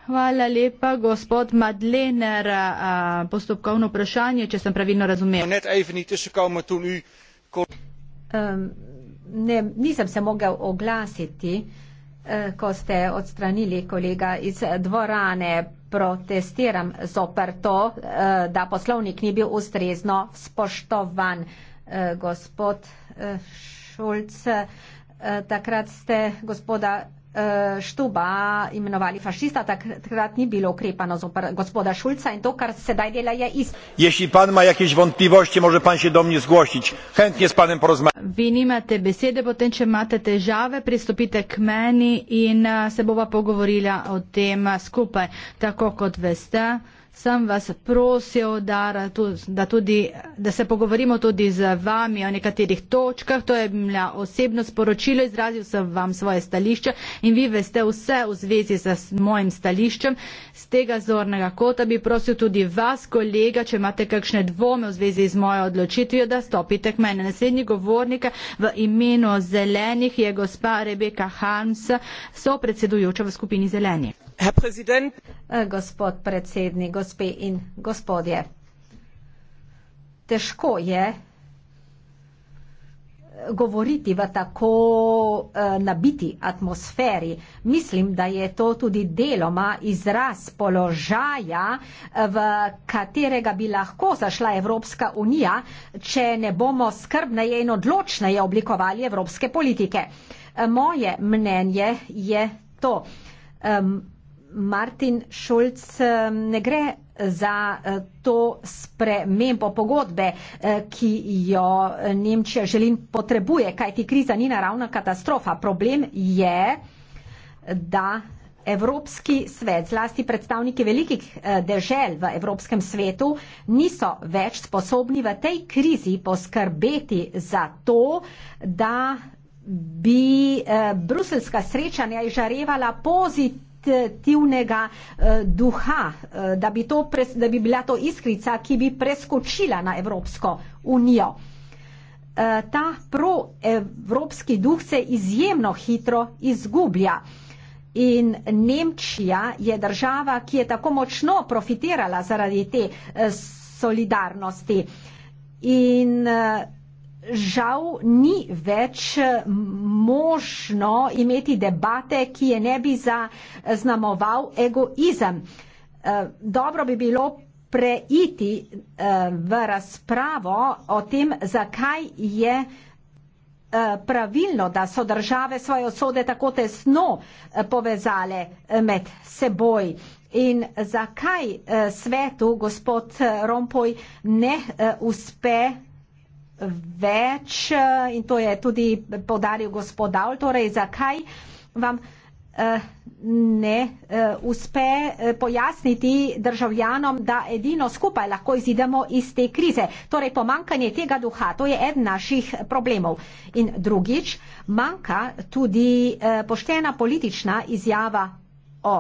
Hvala lepa, gospod Madlener. Eh, postopkovno vprašanje, če sem pravilno razumel. Um, ne, nisem se mogel oglasiti. Uh, Eh, ko ste odstranili kolega iz dvorane, protestiram zoper to, eh, da poslovnik ni bil ustrezno spoštovan. Eh, gospod Šulc, takrat ste gospoda Eh, Štuba imenovali fašista, takrat ni bilo ukrepano zoper gospoda Šulca in to, kar sedaj dela je isto. Jeśli pan ma jakieś wątpliwości, może pan się do mnie zgłosić. Chętnie z panem porozmawiam. Vi nimate besede, potem če imate težave, pristopite k meni in eh, se bova pogovorila o tem skupaj. Tako kot veste, sem vas prosil, da, da, tudi, da se pogovorimo tudi z vami o nekaterih točkah. To je bila osebno sporočilo, izrazil sem vam svoje stališče in vi veste vse v zvezi z mojim stališčem. Z tega zornega kota bi prosil tudi vas, kolega, če imate kakšne dvome v zvezi z mojo odločitvijo, da stopite k meni. Naslednji govornik v imenu zelenih je gospa Rebeka Hans, sopredsedujoča v skupini zelenih. Herr Präsident, eh, gospod predsednik, gospe in gospodje. Težko je eh, govoriti v tako eh, nabiti atmosferi. Mislim, da je to tudi deloma izraz položaja, v katerega bi lahko zašla Evropska unija, če ne bomo skrbneje in odločneje oblikovali evropske politike. Moje mnenje je to. Ehm, Martin Šulc, eh, ne gre za eh, to spremembo pogodbe, eh, ki jo Nemčija želim potrebuje, kajti kriza ni naravna katastrofa. Problem je, da Evropski svet, zlasti predstavniki velikih dežel v Evropskem svetu, niso več sposobni v tej krizi poskrbeti za to, da bi bruselska srečanja izžarevala pozitivno negativnega uh, eh, duha, uh, da, bi to pres, da bi bila to iskrica, ki bi preskočila na Evropsko unijo. Eh, ta proevropski duh se izjemno hitro izgublja. In Nemčija je država, ki je tako močno profitirala zaradi te solidarnosti. In žal ni več eh, možno imeti debate, ki je ne bi zaznamoval egoizem. Eh, dobro bi bilo preiti eh, v razpravo o tem, zakaj je pravilno, da so države svoje osode tako tesno povezale med seboj. In zakaj svetu gospod Rompoj ne uspe več eh, in to je tudi podaril gospod Dal, torej zakaj vam eh, ne eh, uspe pojasniti državljanom, da edino skupaj lahko izidemo iz te krize. Torej pomankanje tega duha, to je eden naših problemov. In drugič, manjka tudi poštena politična izjava o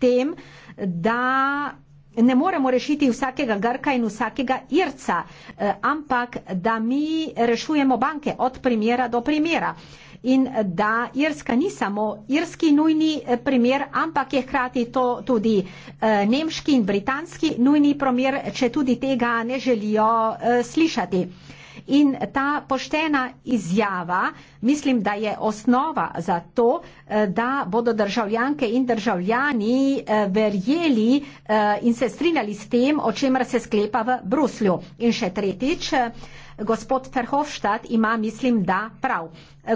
tem, da ne moremo rešiti vsakega grka in vsakega irca, eh, ampak da mi rešujemo banke od primera do primera. In da Irska ni samo irski nujni eh, primer, ampak je hkrati to tudi eh, nemški in britanski nujni primer, če tudi tega ne želijo slišati. In ta poštena izjava, mislim, da je osnova za to, eh, da bodo državljanke in državljani eh, verjeli eh, in se strinjali s tem, o čemer se sklepa v Bruslju. In še tretjič, gospod Ferhofštad ima, mislim, da prav.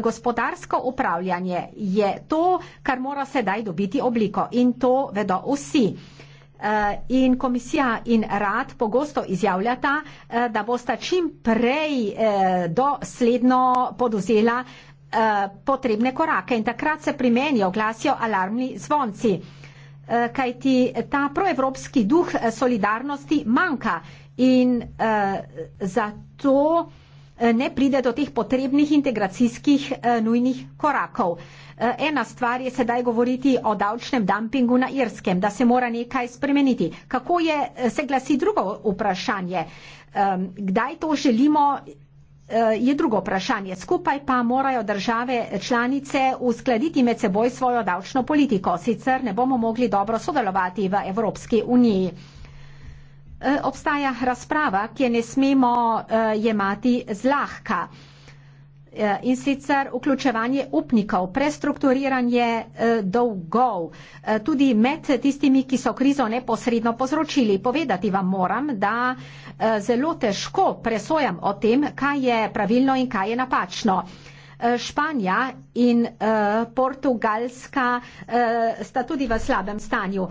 Gospodarsko upravljanje je to, kar mora sedaj dobiti obliko in to vedo vsi. Eh, in komisija in rad pogosto izjavljata, eh, da bosta čim prej eh, dosledno poduzela potrebne korake. In takrat se pri meni oglasijo alarmni zvonci, kajti ta proevropski duh solidarnosti manjka in zato. Eh, ne pride do teh potrebnih integracijskih eh, nujnih korakov. Eh, ena stvar je sedaj govoriti o davčnem dumpingu na Irskem, da se mora nekaj spremeniti. Kako je, se glasi drugo vprašanje? Ehm, kdaj to želimo, je drugo vprašanje. Skupaj pa morajo države članice uskladiti med seboj svojo davčno politiko, sicer ne bomo mogli dobro sodelovati v Evropski uniji. Eh, obstaja razprava, ki ne smemo eh, jemati zlahka. Eh, in sicer vključevanje upnikov, prestrukturiranje dolgov, tudi med tistimi, ki so krizo neposredno povzročili. Povedati vam moram, da zelo težko presojam o tem, kaj je pravilno in kaj je napačno. Eh, Španija in eh, Portugalska eh, sta tudi v slabem stanju.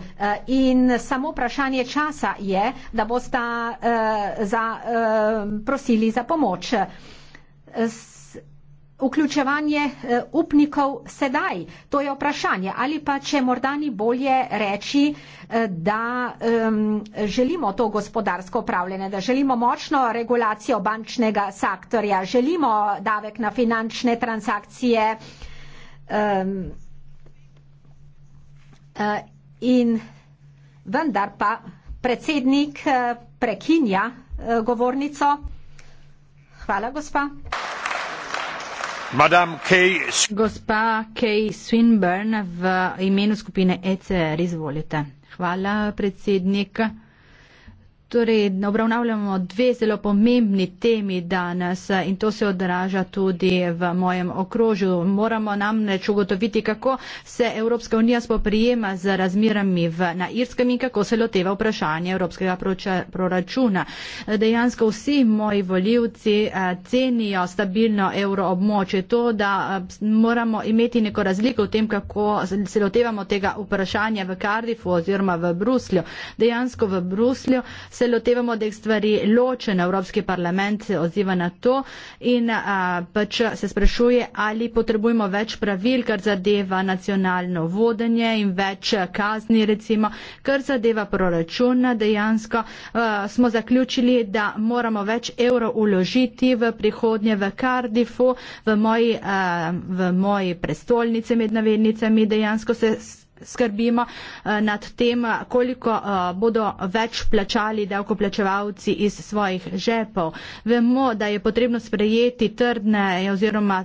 In samo vprašanje časa je, da boste prosili za pomoč vključevanje eh, upnikov sedaj? To je vprašanje. Ali pa če morda ni bolje reči, eh, da um, želimo to gospodarsko upravljanje, da želimo močno regulacijo bančnega sektorja, želimo davek na finančne transakcije um, in vendar pa predsednik prekinja govornico. Hvala, gospa. Gospa Kay Swinburne v imenu skupine ECR, izvolite. Hvala, predsednik. Torej, obravnavljamo dve zelo pomembni temi danes in to se odraža tudi v mojem okrožju. Moramo namreč ugotoviti, kako se Evropska unija spoprijema z razmirami v, na Irskem in kako se loteva vprašanje Evropskega proča, proračuna. Dejansko vsi moji voljivci eh, cenijo stabilno euroobmoče. To, da eh, moramo imeti neko razliko v tem, kako se lotevamo tega vprašanja v Kardifu oziroma v Bruslju. Dejansko v Bruslju se lotevamo, da jih stvari loče na Evropski parlament, se odziva na to in a, pač se sprašuje, ali potrebujemo več pravil, kar zadeva nacionalno vodenje in več kazni, recimo, kar zadeva proračuna. Dejansko a, smo zaključili, da moramo več evrov uložiti v prihodnje v Cardiffu, v moji, a, v moji prestolnice med navednicami. Dejansko se skrbimo eh, nad tem, koliko eh, bodo več plačali davkoplačevalci iz svojih žepov. Vemo, da je potrebno sprejeti trdne oziroma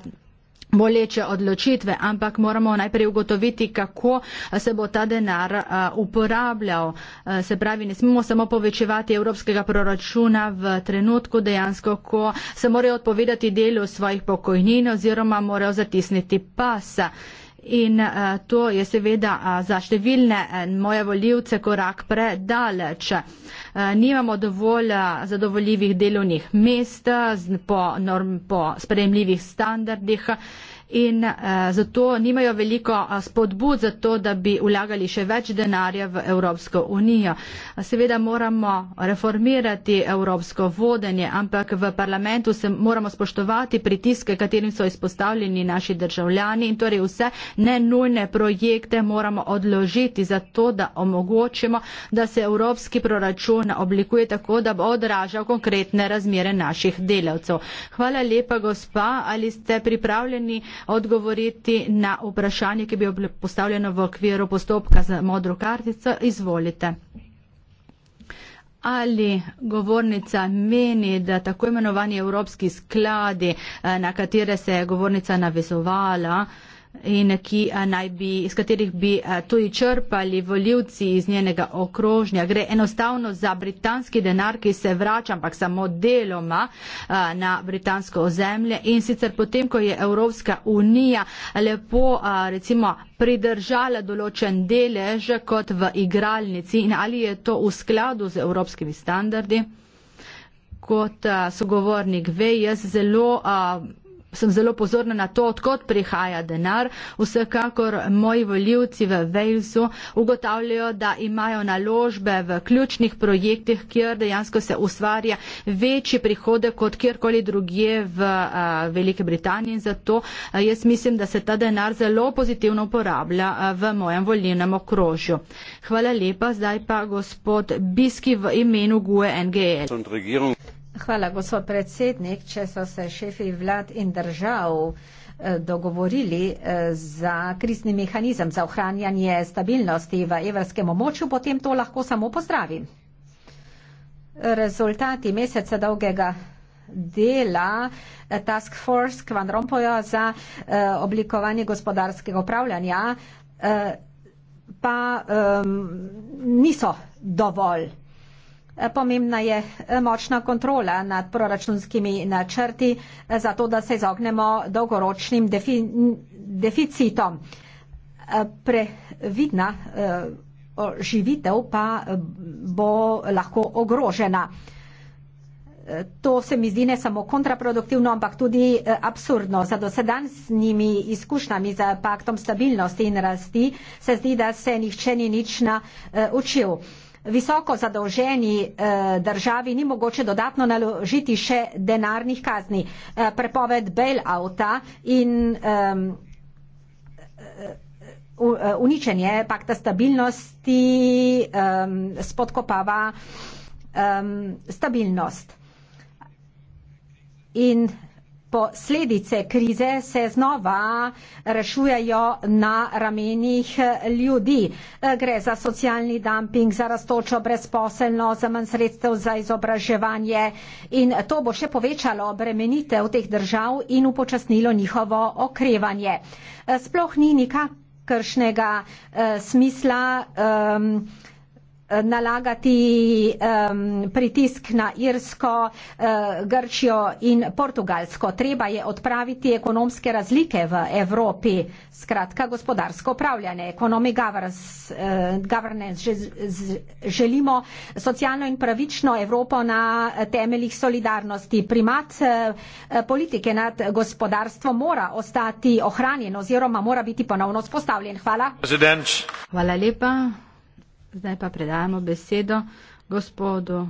boleče odločitve, ampak moramo najprej ugotoviti, kako eh, se bo ta denar uporabljal. Se pravi, ne smemo samo povečevati evropskega proračuna v trenutku dejansko, ko se morajo odpovedati delu svojih pokojnin oziroma morajo zatisniti pasa. In uh, to je seveda uh, za številne uh, moje voljivce korak predaleč. Uh, nimamo dovolj uh, zadovoljivih delovnih mest uh, po, norm, po sprejemljivih standardih. Uh, in uh, zato nimajo veliko uh, spodbud za to, da bi vlagali še več denarja v Evropsko unijo. Seveda moramo reformirati evropsko vodenje, ampak v parlamentu se moramo spoštovati pritiske, katerim so izpostavljeni naši državljani in torej vse nenujne projekte moramo odložiti za to, da omogočimo, da se evropski proračun oblikuje tako, da bo odražal konkretne razmere naših delavcev. Hvala lepa, gospa. Ali ste pripravljeni? odgovoriti na vprašanje, ki bi bilo postavljeno v okviru postopka za modro kartico. Izvolite. Ali govornica meni, da tako imenovani evropski skladi, eh, na katere se je govornica navezovala, in ki eh, naj bi, iz katerih bi eh, tudi črpali voljivci iz njenega okrožnja. Gre enostavno za britanski denar, ki se vrača, ampak samo deloma eh, na britansko ozemlje. In sicer potem, ko je Evropska unija lepo, recimo, pridržala določen delež kot v igralnici in ali je to v skladu z evropskimi standardi, kot sogovornik ve, jaz zelo. A, sem zelo pozorna na to, odkot prihaja denar. Vsekakor moji voljivci v Walesu ugotavljajo, da imajo naložbe v ključnih projektih, kjer dejansko se ustvarja večji prihodek kot kjerkoli drugje v eh, Velike Britanije. Zato eh, jaz mislim, da se ta denar zelo pozitivno uporablja eh, v mojem volilnem okrožju. Hvala lepa. Zdaj pa gospod Biski v imenu GUE NGL. E Hvala, gospod predsednik. Če so se šefi vlad in držav eh, dogovorili eh, za krizni mehanizem za ohranjanje stabilnosti v evrskem območju, potem to lahko samo pozdravim. Rezultati meseca dolgega dela eh, Task Force Kvan Rompoja za oblikovanje gospodarskega upravljanja pa um, niso dovolj Eh, pomembna je eh, močna kontrola nad proračunskimi eh, načrti, zato da se izognemo dolgoročnim defi deficitom. Previdna živitev pa bo lahko ogrožena. To se mi zdi ne samo kontraproduktivno, ampak tudi absurdno. Za dosedan s njimi izkušnjami za paktom stabilnosti in rasti se zdi, da se nihče ni nič naučil. Uh, visoko zadolženi eh, državi ni mogoče dodatno naložiti še denarnih kazni. Eh, prepoved bail-outa in eh, uničenje pakta stabilnosti spodkopava stabilnost. In Posledice krize se znova rešujejo na ramenih ljudi. Gre za socialni dumping, za rastočo brezposelnost, za manj sredstev za izobraževanje in to bo še povečalo obremenitev teh držav in upočasnilo njihovo okrevanje. Sploh ni nikakršnega eh, smisla. Um, nalagati um, pritisk na Irsko, uh, Grčijo in Portugalsko. Treba je odpraviti ekonomske razlike v Evropi, skratka gospodarsko upravljanje, ekonomi uh, eh, governance. Že, z, želimo socialno in pravično Evropo na temeljih solidarnosti. Primat uh, politike nad gospodarstvom mora ostati ohranjen oziroma mora biti ponovno spostavljen. Hvala. Hvala lepa. Zdaj pa predajamo besedo gospodu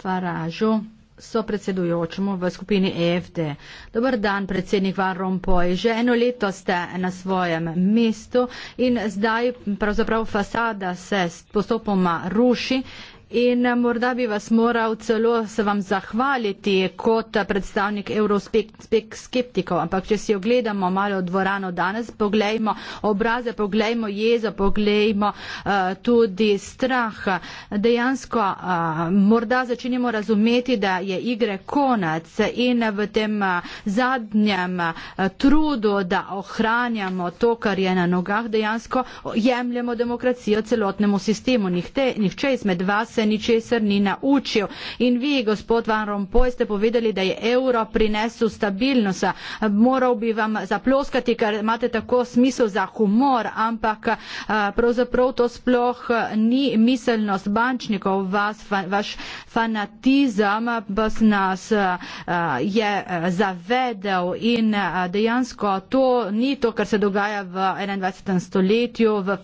Faražu, sopredsedujočemu v skupini EFD. Dobar dan, predsednik Van Rompuy. Že eno leto ste na svojem mestu in zdaj pravzaprav fasada se postopoma ruši. Uh, In eh, morda bi vas moral celo se vam zahvaliti kot eh, predstavnik Eurospek skeptikov, ampak če si ogledamo malo dvorano danes, poglejmo obraze, poglejmo jezo, poglejmo uh, tudi strah. Dejansko uh, morda začenjamo razumeti, da je igre konec in v tem uh, zadnjem uh, trudu, da ohranjamo to, kar je na nogah, dejansko jemljamo demokracijo celotnemu sistemu. Nihte, nihče izmed vas se ničesar ni naučil. In vi, gospod Van Rompuy, ste povedali, da je evro prinesel stabilnost. Moral bi vam zaploskati, ker imate tako smisel za humor, ampak eh, pravzaprav to sploh ni miselnost bančnikov, vas, fa, vaš fanatizam vas nas eh, je eh, zavedel in dejansko to ni to, kar se dogaja v 21. stoletju, v,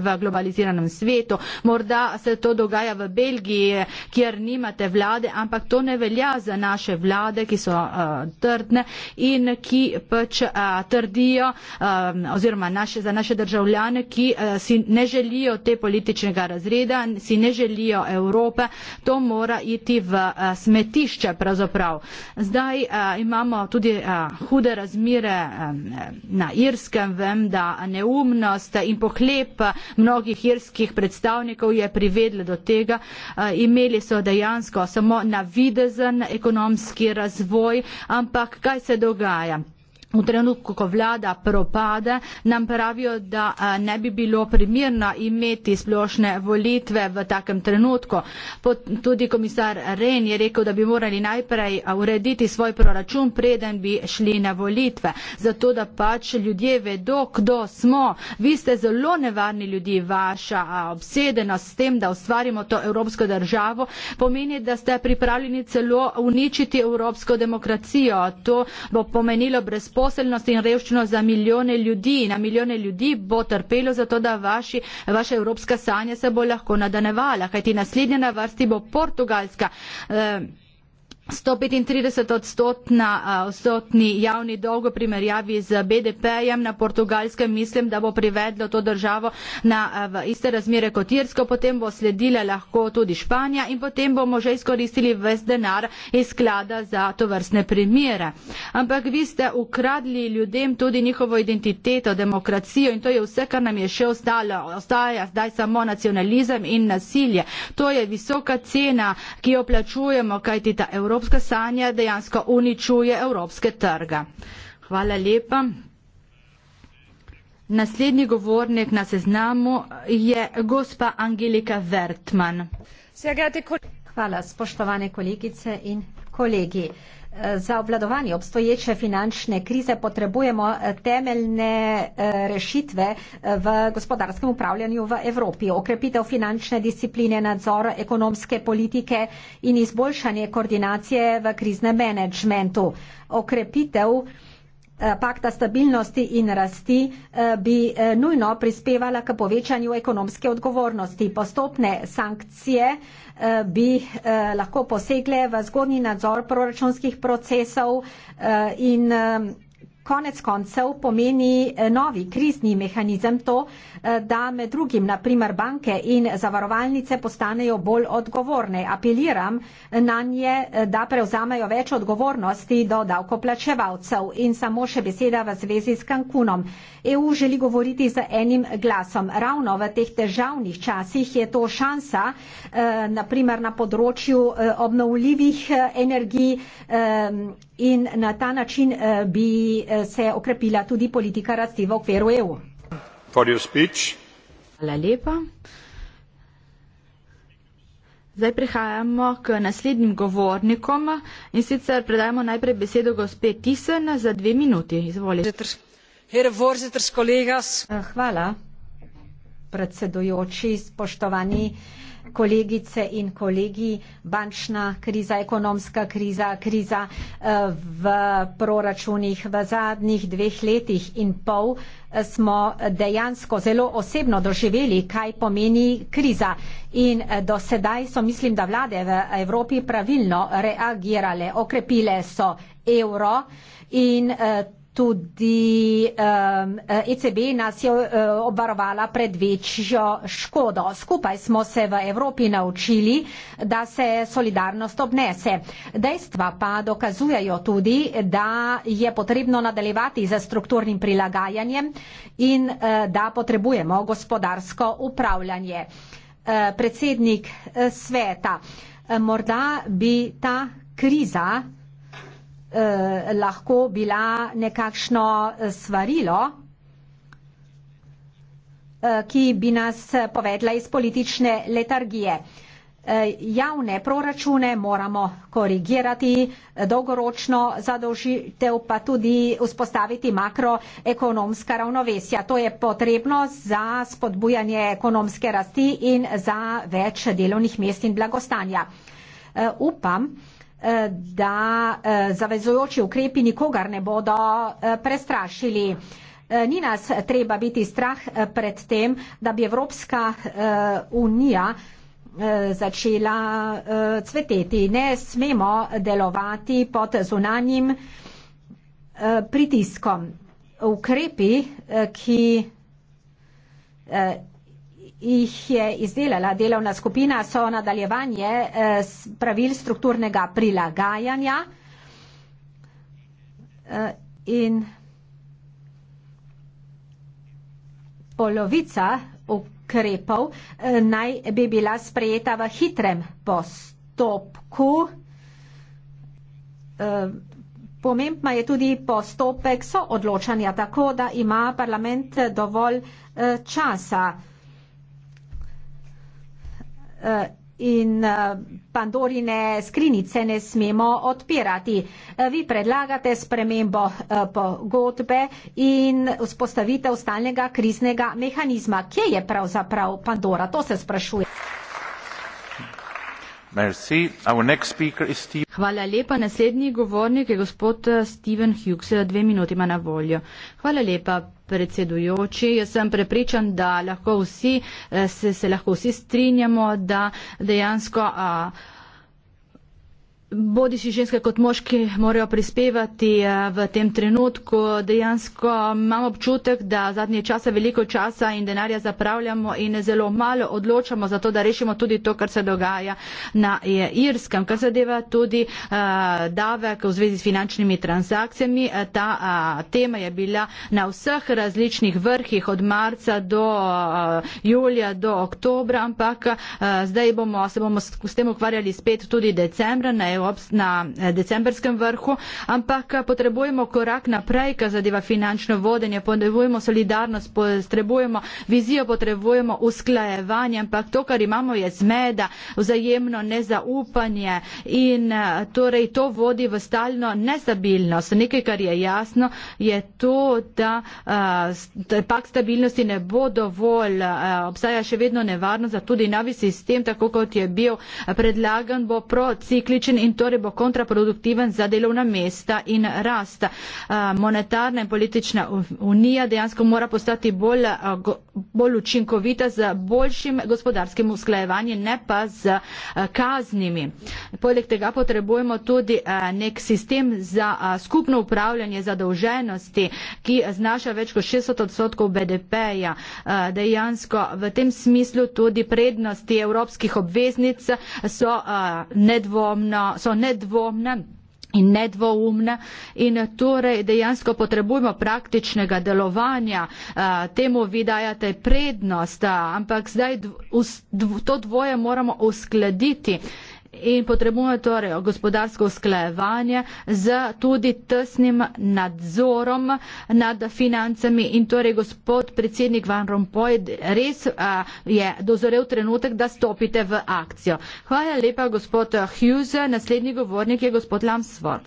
v globaliziranem svetu. Morda se to dogaja dogaja v Belgiji, kjer nimate vlade, ampak to ne velja za naše vlade, ki so uh, trdne in ki pač uh, trdijo uh, oziroma naše, za naše državljane, ki uh, si ne želijo te političnega razreda, si ne želijo Evrope. To mora iti v uh, smetišče pravzaprav. Zdaj uh, imamo tudi uh, hude razmire uh, na Irskem. Vem, da neumnost in pohlep mnogih irskih predstavnikov je privedla do te tega. Eh, imeli so dejansko samo navidezen ekonomski razvoj, ampak kaj se dogaja? u trenutku ko vlada propade, nam pravijo, da eh, ne bi bilo primirno imeti splošne volitve v takem trenutku. Pot, tudi komisar Ren je rekel, da bi morali najprej eh, urediti svoj proračun, preden bi šli na volitve. Zato, da pač ljudje vedo, kdo smo. Vi ste zelo nevarni ljudi, vaša eh, obsedenost s tem, da ustvarimo to evropsko državo, pomeni, da ste pripravljeni celo uničiti evropsko demokracijo. To bo pomenilo brezpodobno brezposelnost in revščino za milijone ljudi. Na milijone ljudi bo trpelo zato, da vaši, vaša evropska sanja se bo lahko nadanevala, kajti naslednja na vrsti bo Portugalska. Uh, 135 odstotna, odstotni javni dolg v primerjavi z BDP-jem na portugalskem, mislim, da bo privedlo to državo na v iste razmere kot Irsko, potem bo sledila lahko tudi Španija in potem bomo že izkoristili ves denar iz sklada za to vrstne primere. Ampak vi ste ukradli ljudem tudi njihovo identiteto, demokracijo in to je vse, kar nam je še ostalo. Ostaja zdaj samo nacionalizem in nasilje. To je visoka cena, ki jo plačujemo, kajti ta Evropa evropska sanja dejansko uničuje evropske trga. Hvala lepa. Naslednji govornik na seznamu je gospa Angelika Vertman. Hvala, spoštovane kolegice in kolegi. Za obladovanje obstoječe finančne krize potrebujemo eh, temeljne eh, rešitve eh, v gospodarskem upravljanju v Evropi. Okrepitev finančne discipline, nadzor ekonomske politike in izboljšanje koordinacije v kriznem menedžmentu. Okrepitev Eh, pakta stabilnosti in rasti eh, bi eh, nujno prispevala k povečanju ekonomske odgovornosti. Postopne sankcije bi lahko posegle v zgodni nadzor proračunskih procesov in konec koncev pomeni eh, novi krizni mehanizem to, eh, da med drugim naprimer banke in zavarovalnice postanejo bolj odgovorne. Apeliram na nje, eh, da prevzamejo več odgovornosti do davkoplačevalcev in samo še beseda v zvezi s Cancunom. EU želi govoriti z enim glasom. Ravno v teh težavnih časih je to šansa, naprimer na področju obnovljivih energij in na ta način bi Eh, se je okrepila tudi politika rasti v okviru EU. Hvala lepa. Zdaj prihajamo k naslednjim govornikom in sicer predajamo najprej besedo gospe Tisen za dve minuti. Izvolite. Eh, hvala, predsedujoči, spoštovani kolegice in kolegi, bančna kriza, ekonomska kriza, kriza eh, v proračunih v zadnjih dveh letih in pol eh, smo dejansko zelo osebno doživeli, kaj pomeni kriza. In eh, do sedaj so, mislim, da vlade v Evropi pravilno reagirale, okrepile so evro in tudi um, ECB nas je e, obvarovala pred večjo škodo. Skupaj smo se v Evropi naučili, da se solidarnost obnese. Dejstva pa dokazujejo tudi, da je potrebno nadaljevati za strukturnim prilagajanjem in uh, da potrebujemo gospodarsko upravljanje. Uh, predsednik sveta, morda bi ta kriza Eh, lahko bila nekakšno eh, svarilo, eh, ki bi nas povedla iz politične letargije. Javne proračune moramo korigirati, dolgoročno zadolžitev pa tudi vzpostaviti makroekonomska ravnovesja. To je potrebno za spodbujanje ekonomske rasti in za več delovnih mest in blagostanja. Upam, Eh, da eh, zavezujoči ukrepi nikogar ne bodo eh, prestrašili. Ni nas treba biti strah pred tem, da bi Evropska unija začela cveteti. Ne smemo delovati pod zunanjim pritiskom. Ukrepi, ki jih je izdelala delovna skupina, so nadaljevanje eh, pravil strukturnega prilagajanja eh, in polovica ukrepov eh, naj bi bila sprejeta v hitrem postopku. Pomembna je tudi postopek soodločanja, tako da ima parlament dovolj časa. Eh, in eh, Pandorine skrinice ne smemo odpirati. Eh, vi predlagate spremembo pogodbe in vzpostavitev stalnega kriznega mehanizma. Kje je pravzaprav Pandora? To se sprašuje. Hvala lepa. Naslednji govornik je gospod eh, Steven Hughes, eh, dve minuti ima na voljo. Hvala lepa, predsedujoči. Jaz sem prepričan, da lahko vsi, eh, se, se lahko vsi strinjamo, da dejansko. A, bodi si ženske kot moški morajo prispevati eh, v tem trenutku. Dejansko imam občutek, da zadnje čase veliko časa in denarja zapravljamo in zelo malo odločamo za to, da rešimo tudi to, kar se dogaja na eh, Irskem. Kar zadeva tudi eh, davek v zvezi s finančnimi transakcijami, ta tema je bila na vseh različnih vrhih od marca do julija do oktobra, ampak zdaj bomo, se bomo s tem ukvarjali spet tudi decembra. EOPS na eh, decembrskem vrhu, ampak eh, potrebujemo korak naprej, kar zadeva finančno vodenje, potrebujemo solidarnost, potrebujemo vizijo, potrebujemo usklajevanje, ampak to, kar imamo, je zmeda, vzajemno nezaupanje in eh, torej to vodi v stalno nestabilnost. Nekaj, kar je jasno, je to, da pak stabilnosti ne bo dovolj, obstaja še vedno nevarnost, da tudi novi sistem, tako kot je bil predlagan, bo procikličen in torej bo kontraproduktiven za delovna mesta in rast. Monetarna in politična unija dejansko mora postati bolj, bolj učinkovita z boljšim gospodarskim usklajevanjem, ne pa z kaznimi. Poleg tega potrebujemo tudi nek sistem za skupno upravljanje zadolženosti, ki znaša več kot 600 odstotkov BDP-ja. Dejansko v tem smislu tudi prednosti evropskih obveznic so nedvomno so nedvomne in nedvoumne in torej dejansko potrebujemo praktičnega delovanja. Eh, temu vi dajate prednost, eh, ampak zdaj to dvoje moramo uskladiti in potrebuje torej gospodarsko usklajevanje z tudi tesnim nadzorom nad financami in torej gospod predsednik Van Rompuy res a, eh, je dozorel trenutek, da stopite v akcijo. Hvala lepa gospod Hughes, naslednji govornik je gospod Lamsford.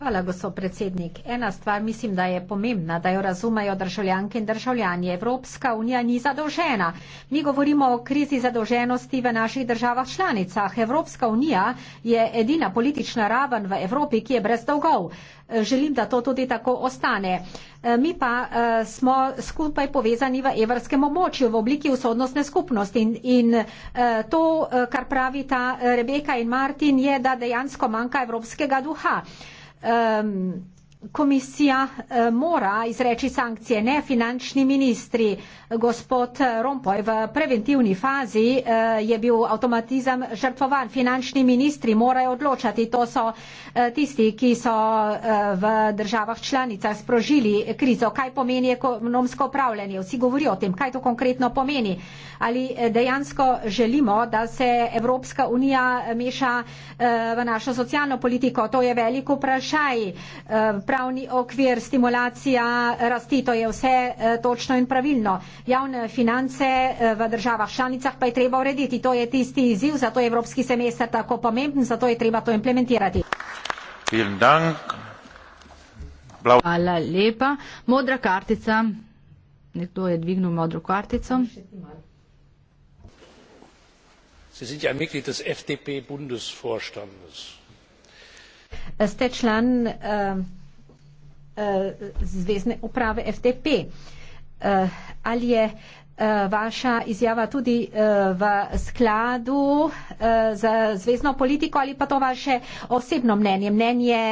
Hvala gospod predsednik. Ena stvar mislim, da je pomembna, da jo razumejo državljanke in državljani. Evropska unija ni zadolžena. Mi govorimo o krizi zadolženosti v naših državah članic članicah Evropska unija je edina politična raven v Evropi, ki je brez dolgov. E, želim, da to tudi tako ostane. E, mi pa e, smo skupaj povezani v evrskem območju v obliki usodnostne skupnosti in, in to, kar pravita Rebeka in Martin, je, da dejansko manjka evropskega duha. Um, Komisija eh, mora izreči sankcije ne finančni ministri. Gospod Rompoj, v preventivni fazi eh, je bil avtomatizem žrtvovan. Finančni ministri morajo odločati. To so eh, tisti, ki so v državah članicah sprožili krizo. Kaj pomeni ekonomsko upravljanje? Vsi govorijo o tem. Kaj to konkretno pomeni? Ali dejansko želimo, da se Evropska unija meša v našo socialno politiko? To je veliko vprašaj pravni okvir, stimulacija rasti, to je vse eh, točno in pravilno. Javne finance eh, v državah članicah pa je treba urediti, to je tisti izziv, zato je evropski semester tako pomemben, zato je treba to implementirati. Hvala lepa. Modra kartica. Nekdo je dvignil modro kartico. Ja Ste član uh, Eh, Zvezne uprave FTP. Eh, ali je eh, vaša izjava tudi v skladu za zvezdno politiko ali pa to vaše osebno mnenje, mnenje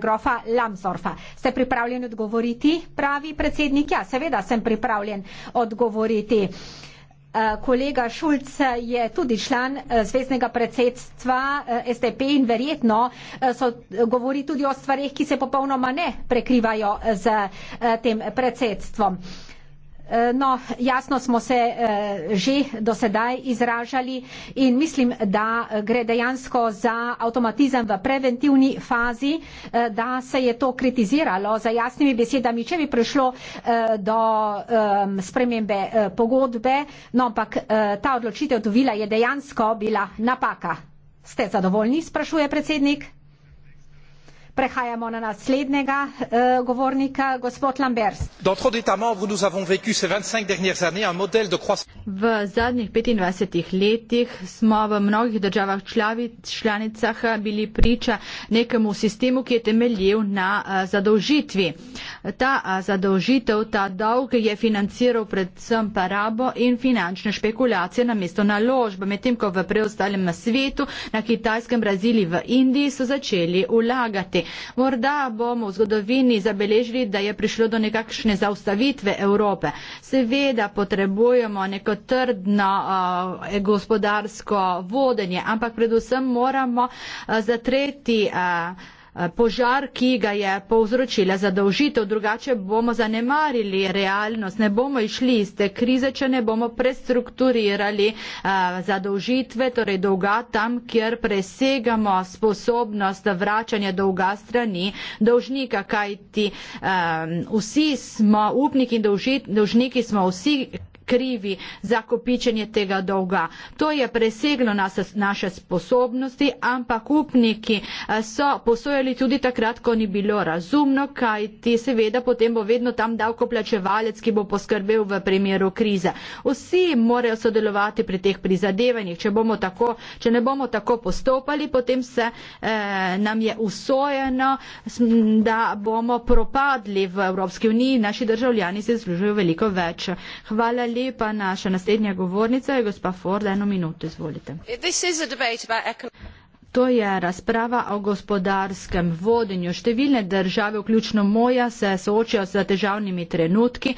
grofa Lamsorfa. Ste pripravljeni odgovoriti, pravi predsednik? Ja, seveda sem pripravljen odgovoriti. Eh, kolega Šulc eh, je tudi član eh, zvezdnega predsedstva SDP in verjetno so, govori tudi o stvarih, ki se popolnoma ne prekrivajo z tem predsedstvom. Eh, no, jasno smo se eh, že do sedaj izražali in mislim, da gre dejansko za avtomatizem v preventivni fazi, eh, da se je to kritiziralo za jasnimi besedami, če bi prišlo do ehm, spremembe pogodbe, no ampak ta odločitev dovila je dejansko bila napaka. Ste zadovoljni, sprašuje predsednik? Prehajamo na naslednjega euh, govornika, gospod Lambert. V zadnjih 25 letih smo v mnogih državah članicah bili priča nekemu sistemu, ki je temeljil na uh, zadolžitvi. Ta uh, zadolžitev, ta dolg je financiral predvsem parabo in finančne špekulacije na mesto naložbe, medtem ko v preostalem svetu, na Kitajskem, Braziliji, v Indiji so začeli ulagati. Morda bomo v zgodovini zabeležili, da je prišlo do nekakšne zaustavitve Evrope. Seveda potrebujemo neko trdno uh, gospodarsko vodenje, ampak predvsem moramo uh, zatreti uh, Eh, požar, ki ga je povzročila zadolžitev, drugače bomo zanemarili realnost, ne bomo išli iz te krize, če ne bomo prestrukturirali eh, zadolžitve, torej dolga tam, kjer presegamo sposobnost vračanja dolga strani dolžnika, kajti eh, vsi smo upniki in dolžniki smo vsi krivi za kopičenje tega dolga. To je preseglo nas, naše sposobnosti, ampak upniki eh, so posojali tudi takrat, ko ni bilo razumno, kaj ti seveda potem bo vedno tam davkoplačevalec, ki bo poskrbel v primeru krize. Vsi morajo sodelovati pri teh prizadevanjih. Če, tako, če ne bomo tako postopali, potem se eh, nam je usojeno, da bomo propadli v Evropski uniji. Naši državljani se zlužijo veliko več. Hvala lepa lepa. Naša naslednja govornica je gospa Ford. Eno minuto, izvolite. To je razprava o gospodarskem vodenju. Številne države, vključno moja, se soočajo z težavnimi trenutki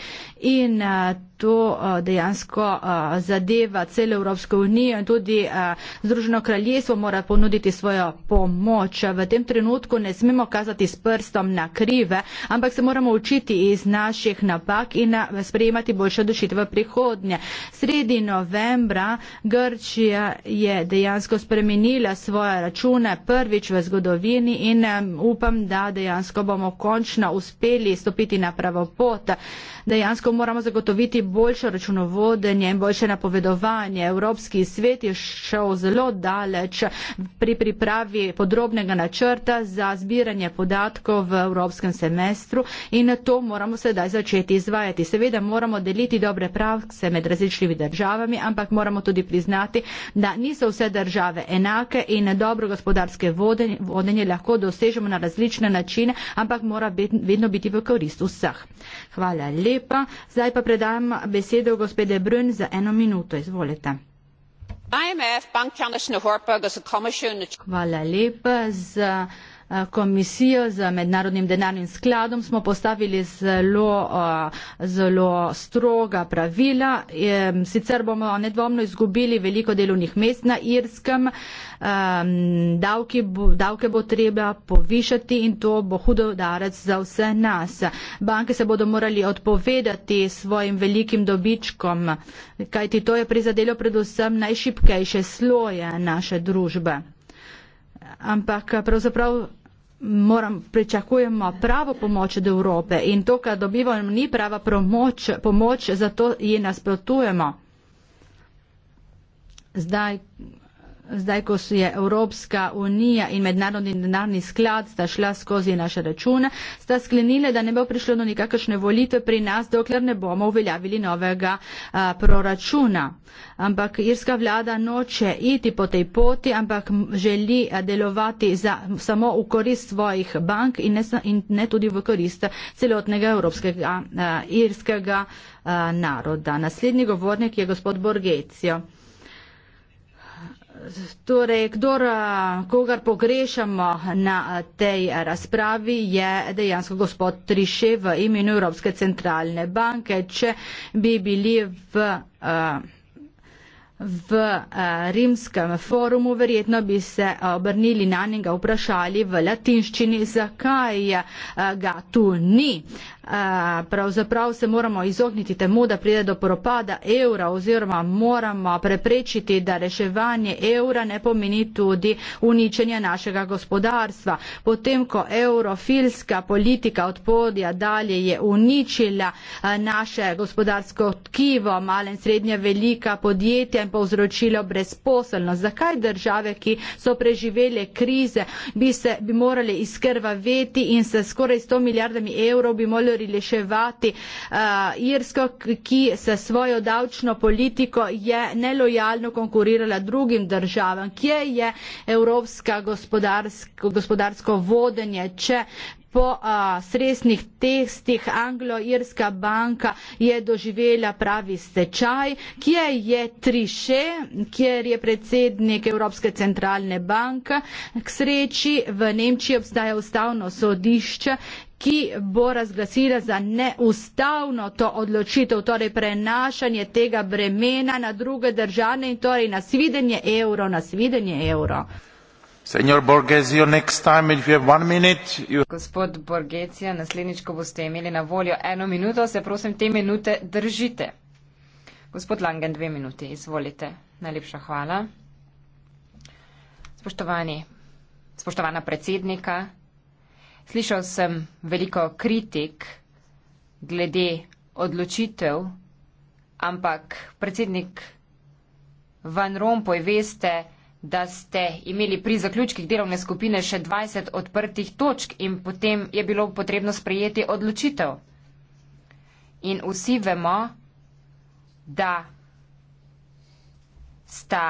in eh, to eh, dejansko eh, zadeva celo Evropsko unijo in tudi Združeno kraljestvo mora ponuditi svojo pomoč. V tem trenutku ne smemo kazati s prstom na krive, ampak se moramo učiti iz naših napak in sprejemati boljše odločitve v prihodnje. Sredi novembra Grčija je dejansko spremenila svoje račune prvič v zgodovini in upam, da dejansko bomo končno uspeli stopiti na pravo pot dejansko moramo zagotoviti boljše računovodenje in boljše napovedovanje. Evropski svet je šel zelo daleč pri pripravi podrobnega načrta za zbiranje podatkov v evropskem semestru in to moramo sedaj začeti izvajati. Seveda moramo deliti dobre prakse med različnimi državami, ampak moramo tudi priznati, da niso vse države enake in dobro gospodarske vodenje, vodenje lahko dosežemo na različne načine, ampak mora biti, vedno biti v korist vseh. Hvala lepa lepa. Zdaj pa predam besedo gospede Brun za eno minuto. Izvolite. Hvala lepa za. Eh, komisijo z mednarodnim denarnim skladom smo postavili zelo, eh, zelo stroga pravila. Sicer bomo nedvomno izgubili veliko delovnih mest na Irskem, davke bo treba povišati in to bo hudo darec za vse nas. Banke se bodo morali odpovedati svojim velikim dobičkom, kajti to je prizadelo predvsem najšipkejše sloje naše družbe. Ampak eh, pravzaprav moram, pričakujemo pravo pomoč od Evrope in to, kar dobivamo, ni prava pomoč, pomoč zato ji nasprotujemo. Zdaj, zdaj, ko je Evropska unija in mednarodni denarni sklad sta šla skozi naše račune, sta sklenile, da ne bo prišlo do nikakršne volitve pri nas, dokler ne bomo uveljavili novega a, proračuna. Ampak irska vlada noče iti po tej poti, ampak želi delovati za, samo v korist svojih bank in ne, in ne tudi v korist celotnega evropskega a, irskega a, naroda. Naslednji govornik je gospod Borgecio. Torej, kdor eh, kogar pogrešamo na eh, tej razpravi je dejansko gospod Triše v imenu Evropske centralne banke, če bi bili v uh, v eh, rimskem forumu, verjetno bi se obrnili na njega, vprašali v latinščini, zakaj eh, ga tu ni. Eh, pravzaprav se moramo izogniti temu, da pride do propada evra oziroma moramo preprečiti, da reševanje evra ne pomeni tudi uničenje našega gospodarstva. Potem, ko eurofilska politika od podja dalje je uničila naše gospodarsko tkivo, male in srednje velika podjetja, predvsem povzročilo brezposelnost. Zakaj države, ki so preživele krize, bi se bi morali izkrvaveti in se skoraj 100 milijardami evrov bi morali rileševati uh, eh, Irsko, ki se svojo davčno politiko je nelojalno konkurirala drugim državam. Kje je evropska gospodarsko, gospodarsko vodenje, če po a, stresnih testih Anglo-Irska banka je doživela pravi stečaj, kje je Triše, kjer je predsednik Evropske centralne banke. K sreči v Nemčiji obstaja ustavno sodišče ki bo razglasila za neustavno to odločitev, torej prenašanje tega bremena na druge države in torej na svidenje evro, na svidenje evro. Gospod Borgesio, naslednjič, ko boste imeli na voljo eno minuto, se prosim, te minute držite. Gospod Langen, dve minuti, izvolite. Najlepša hvala. Spoštovani, spoštovana predsednika, slišal sem veliko kritik glede odločitev, ampak predsednik Van Rompuy, veste, da ste imeli pri zaključkih delovne skupine še 20 odprtih točk in potem je bilo potrebno sprejeti odločitev. In vsi vemo, da sta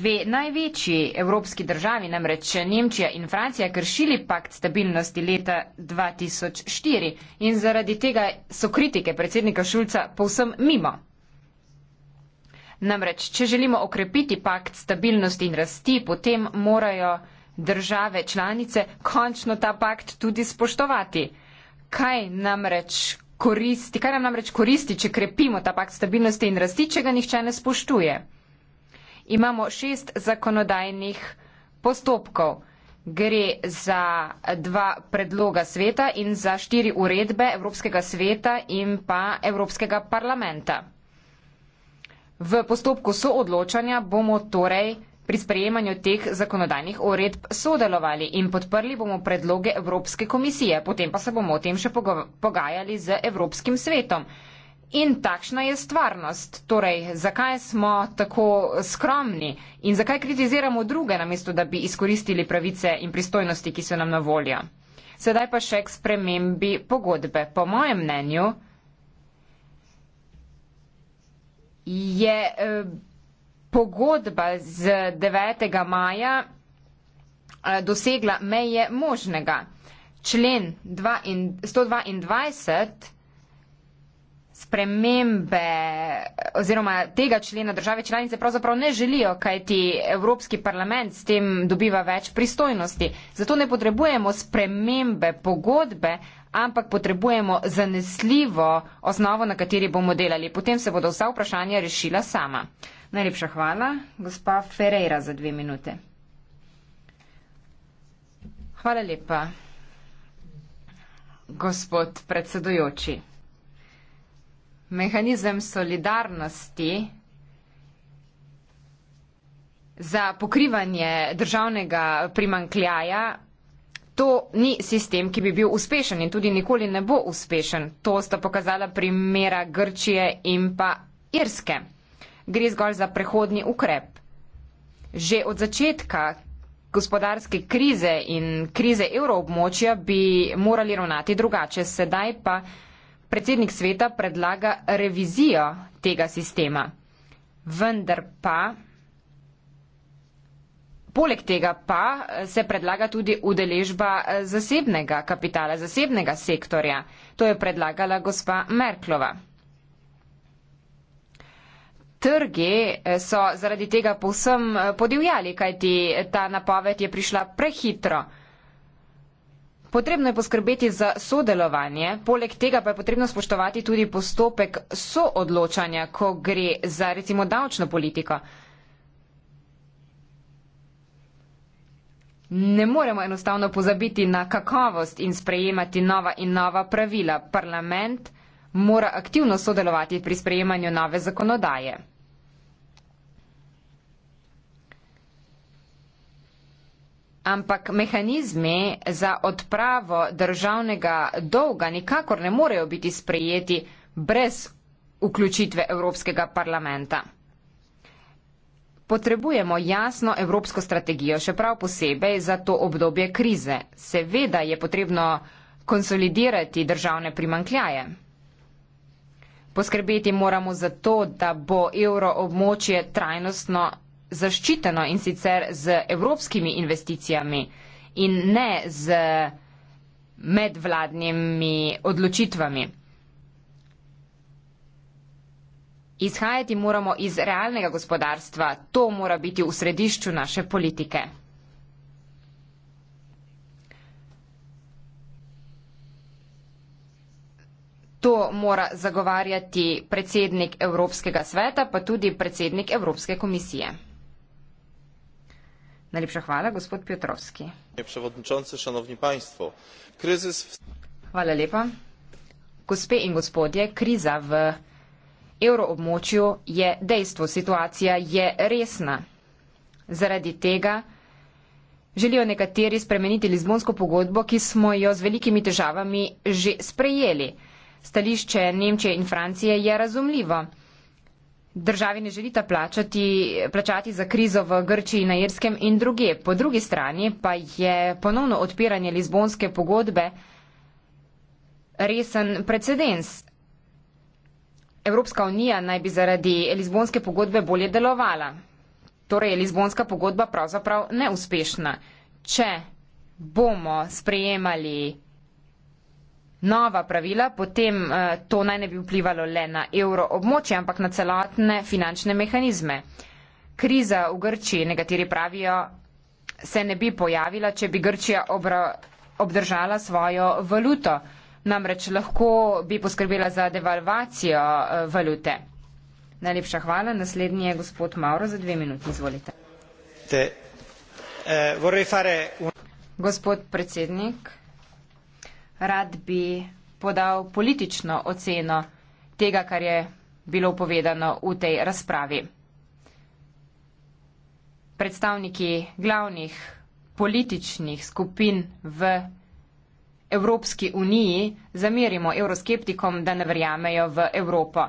dve največji evropski državi, namreč Nemčija in Francija, kršili pakt stabilnosti leta 2004 in zaradi tega so kritike predsednika Šulca povsem mimo. Namreč, če želimo okrepiti pakt stabilnosti in rasti, potem morajo države članice končno ta pakt tudi spoštovati. Kaj namreč koristi, kaj nam namreč koristi če krepimo ta pakt stabilnosti in rasti, če ga nihče ne spoštuje? Imamo šest zakonodajnih postopkov. Gre za dva predloga sveta in za štiri uredbe Evropskega sveta in pa Evropskega parlamenta. V postopku soodločanja bomo torej pri sprejemanju teh zakonodajnih uredb sodelovali in podprli bomo predloge Evropske komisije, potem pa se bomo o tem še pogajali z Evropskim svetom. In takšna je stvarnost. Torej, zakaj smo tako skromni in zakaj kritiziramo druge, namesto da bi izkoristili pravice in pristojnosti, ki so nam na voljo. Sedaj pa še k spremembi pogodbe. Po mojem mnenju, je eh, pogodba z 9. maja eh, dosegla meje možnega. Člen 122 spremembe oziroma tega člena države članice pravzaprav ne želijo, kajti Evropski parlament s tem dobiva več pristojnosti. Zato ne potrebujemo spremembe pogodbe, ampak potrebujemo zanesljivo osnovo, na kateri bomo delali. Potem se bodo vsa vprašanja rešila sama. Najlepša hvala, gospa Ferreira, za dve minute. Hvala lepa, gospod predsedujoči. Mehanizem solidarnosti za pokrivanje državnega primankljaja to ni sistem, ki bi bil uspešen in tudi nikoli ne bo uspešen. To sta pokazala primera Grčije in pa Irske. Gre zgolj za prehodni ukrep. Že od začetka gospodarske krize in krize evroobmočja bi morali ravnati drugače. Sedaj pa predsednik sveta predlaga revizijo tega sistema. Vendar pa Poleg tega pa eh, se predlaga tudi udeležba eh, zasebnega kapitala, zasebnega sektorja. To je predlagala gospa Merklova. Trgi eh, so zaradi tega povsem podivjali, kajti ta napoved je prišla prehitro. Potrebno je poskrbeti za sodelovanje, poleg tega pa je potrebno spoštovati tudi postopek soodločanja, ko gre za recimo davčno politiko. Ne moremo enostavno pozabiti na kakovost in sprejemati nova in nova pravila. Parlament mora aktivno sodelovati pri sprejemanju nove zakonodaje. Ampak mehanizmi za odpravo državnega dolga nikakor ne morejo biti sprejeti brez vključitve Evropskega parlamenta. Potrebujemo jasno evropsko strategijo, še prav posebej za to obdobje krize. Seveda je potrebno konsolidirati državne primankljaje. Poskrbeti moramo za to, da bo evro območje trajnostno zaščiteno in sicer z evropskimi investicijami in ne z medvladnimi odločitvami. Izhajati moramo iz realnega gospodarstva, to mora biti v središču naše politike. To mora zagovarjati predsednik Evropskega sveta, pa tudi predsednik Evropske komisije. Najlepša hvala, gospod Piotrovski. Hvala lepa. Gospe in gospodje, kriza v evroobmočju je dejstvo, situacija je resna. Zaradi tega želijo nekateri spremeniti Lizbonsko pogodbo, ki smo jo z velikimi težavami že sprejeli. Stališče Nemčije in Francije je razumljivo. Državi ne želita plačati, plačati za krizo v Grčiji, na Irskem in druge. Po drugi strani pa je ponovno odpiranje Lizbonske pogodbe resen precedens. Evropska unija naj bi zaradi Lizbonske pogodbe bolje delovala. Torej je Lizbonska pogodba pravzaprav neuspešna. Če bomo sprejemali nova pravila, potem eh, to naj ne bi vplivalo le na evro območje, ampak na celotne finančne mehanizme. Kriza v Grčiji, nekateri pravijo, se ne bi pojavila, če bi Grčija obdržala svojo valuto namreč lahko bi poskrbela za devalvacijo eh, valute. Najlepša hvala. Naslednji je gospod Mauro za dve minuti. Izvolite. Te, eh, un... Gospod predsednik, rad bi podal politično oceno tega, kar je bilo povedano v tej razpravi. Predstavniki glavnih političnih skupin v Evropski uniji zamerimo evroskeptikom, da ne verjamejo v Evropo.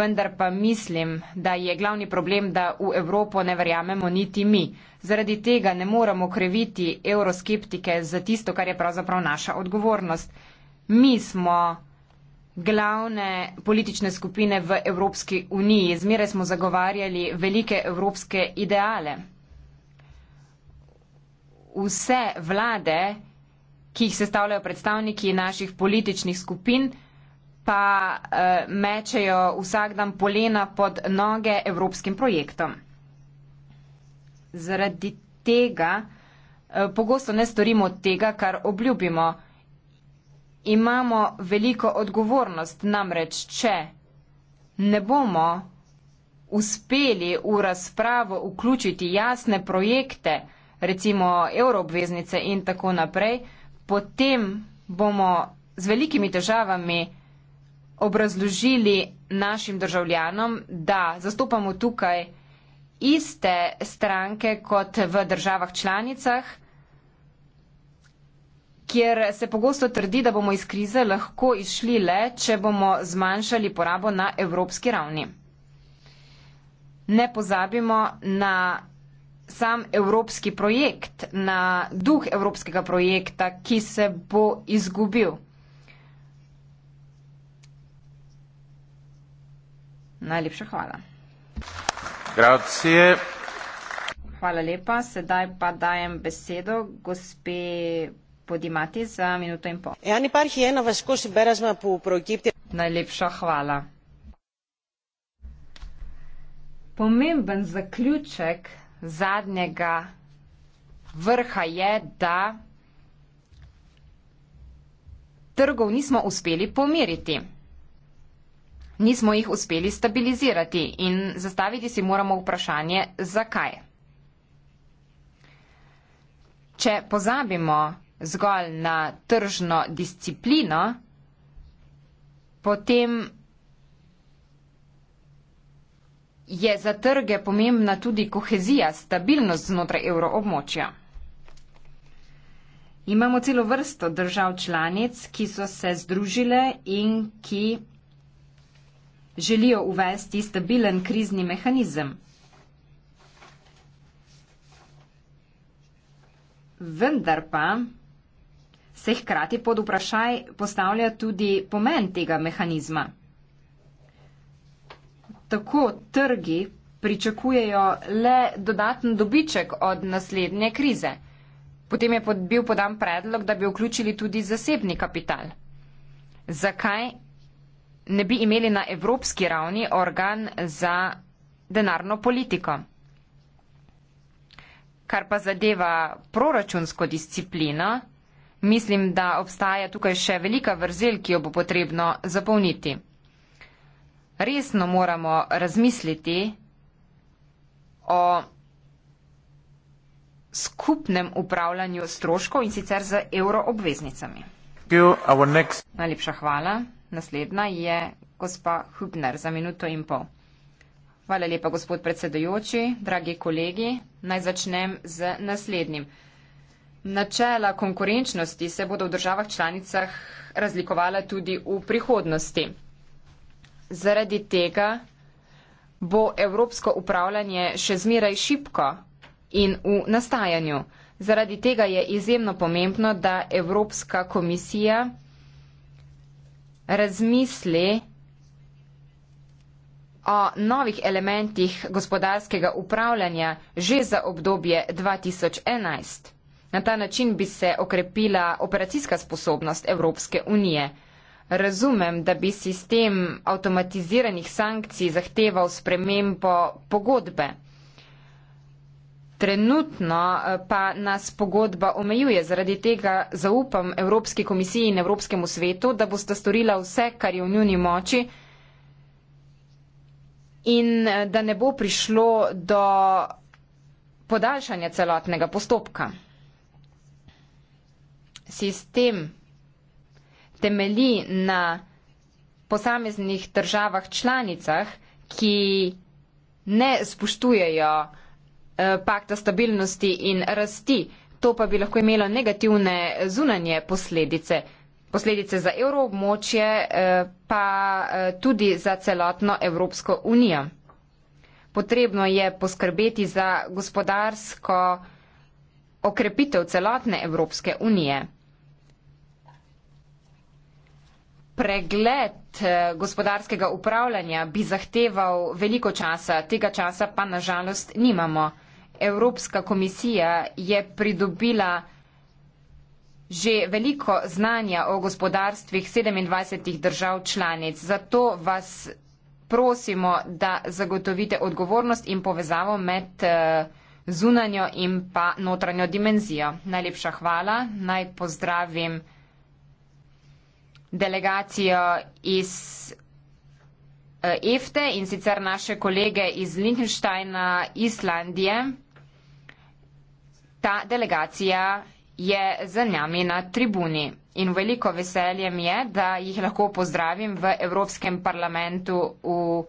Vendar pa mislim, da je glavni problem, da v Evropo ne verjamemo niti mi. Zaradi tega ne moramo kreviti evroskeptike za tisto, kar je pravzaprav naša odgovornost. Mi smo glavne politične skupine v Evropski uniji. Zmeraj smo zagovarjali velike evropske ideale. Vse vlade, ki jih sestavljajo predstavniki naših političnih skupin, pa uh, mečejo vsak dan polena pod noge evropskim projektom. Zaradi tega uh, pogosto ne storimo tega, kar obljubimo. Imamo veliko odgovornost, namreč, če ne bomo uspeli v razpravo vključiti jasne projekte, recimo evroobveznice in tako naprej, uh, potem bomo z velikimi težavami obrazložili našim državljanom, da zastopamo tukaj iste stranke kot v državah članicah, kjer se pogosto trdi, da bomo iz krize lahko izšli le, če bomo zmanjšali porabo na evropski ravni. Ne pozabimo na sam evropski projekt, na duh evropskega projekta, ki se bo izgubil. Najlepša hvala. Grazie. Hvala lepa. Sedaj pa dajem besedo gospe Podimati za minuto in pol. Najlepša hvala. Pomemben zaključek zadnjega vrha je, da trgov nismo uspeli pomiriti. Nismo jih uspeli stabilizirati in zastaviti si moramo vprašanje, zakaj. Če pozabimo zgolj na tržno disciplino, potem Je za trge pomembna tudi kohezija, stabilnost znotraj evroobmočja? Imamo celo vrsto držav članic, ki so se združile in ki želijo uvesti stabilen krizni mehanizem. Vendar pa se hkrati pod vprašaj postavlja tudi pomen tega mehanizma tako trgi pričakujejo le dodaten dobiček od naslednje krize. Potem je pod, bil podan predlog, da bi vključili tudi zasebni kapital. Zakaj ne bi imeli na evropski ravni organ za denarno politiko? Kar pa zadeva proračunsko disciplino, mislim, da obstaja tukaj še velika vrzel, ki jo bo potrebno zapolniti resno moramo razmisliti o skupnem upravljanju stroškov in sicer z euroobveznicami. Next... Najlepša hvala. Naslednja je gospa Hübner za minuto in pol. Hvala lepa, gospod predsedujoči, dragi kolegi. Naj začnem z naslednjim. Načela konkurenčnosti se bodo v državah članicah razlikovala tudi v prihodnosti. Zaradi tega bo evropsko upravljanje še zmeraj šipko in v nastajanju. Zaradi tega je izjemno pomembno, da Evropska komisija razmisli o novih elementih gospodarskega upravljanja že za obdobje 2011. Na ta način bi se okrepila operacijska sposobnost Evropske unije. Razumem, da bi sistem avtomatiziranih sankcij zahteval spremembo pogodbe. Trenutno eh, pa nas pogodba omejuje. Zaradi tega zaupam Evropski komisiji in Evropskemu svetu, da boste storila vse, kar je v njuni moči in eh, da ne bo prišlo do podaljšanja celotnega postopka. Sistem temelji na posameznih državah članicah, ki ne spoštujejo eh, pakta stabilnosti in rasti. To pa bi lahko imelo negativne zunanje posledice. Posledice za evroobmočje eh, pa eh, tudi za celotno Evropsko unijo. Potrebno je poskrbeti za gospodarsko okrepitev celotne Evropske unije. Pregled eh, gospodarskega upravljanja bi zahteval veliko časa, tega časa pa nažalost nimamo. Evropska komisija je pridobila že veliko znanja o gospodarstvih 27 držav članic. Zato vas prosimo, da zagotovite odgovornost in povezavo med eh, zunanjo in pa notranjo dimenzijo. Najlepša hvala, naj pozdravim delegacijo iz eh, EFTE in sicer naše kolege iz Lindensteina, Islandije. Ta delegacija je za nami na tribuni in veliko veselje mi je, da jih lahko pozdravim v Evropskem parlamentu v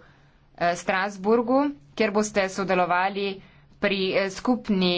eh, Strasburgu, kjer boste sodelovali pri eh, skupni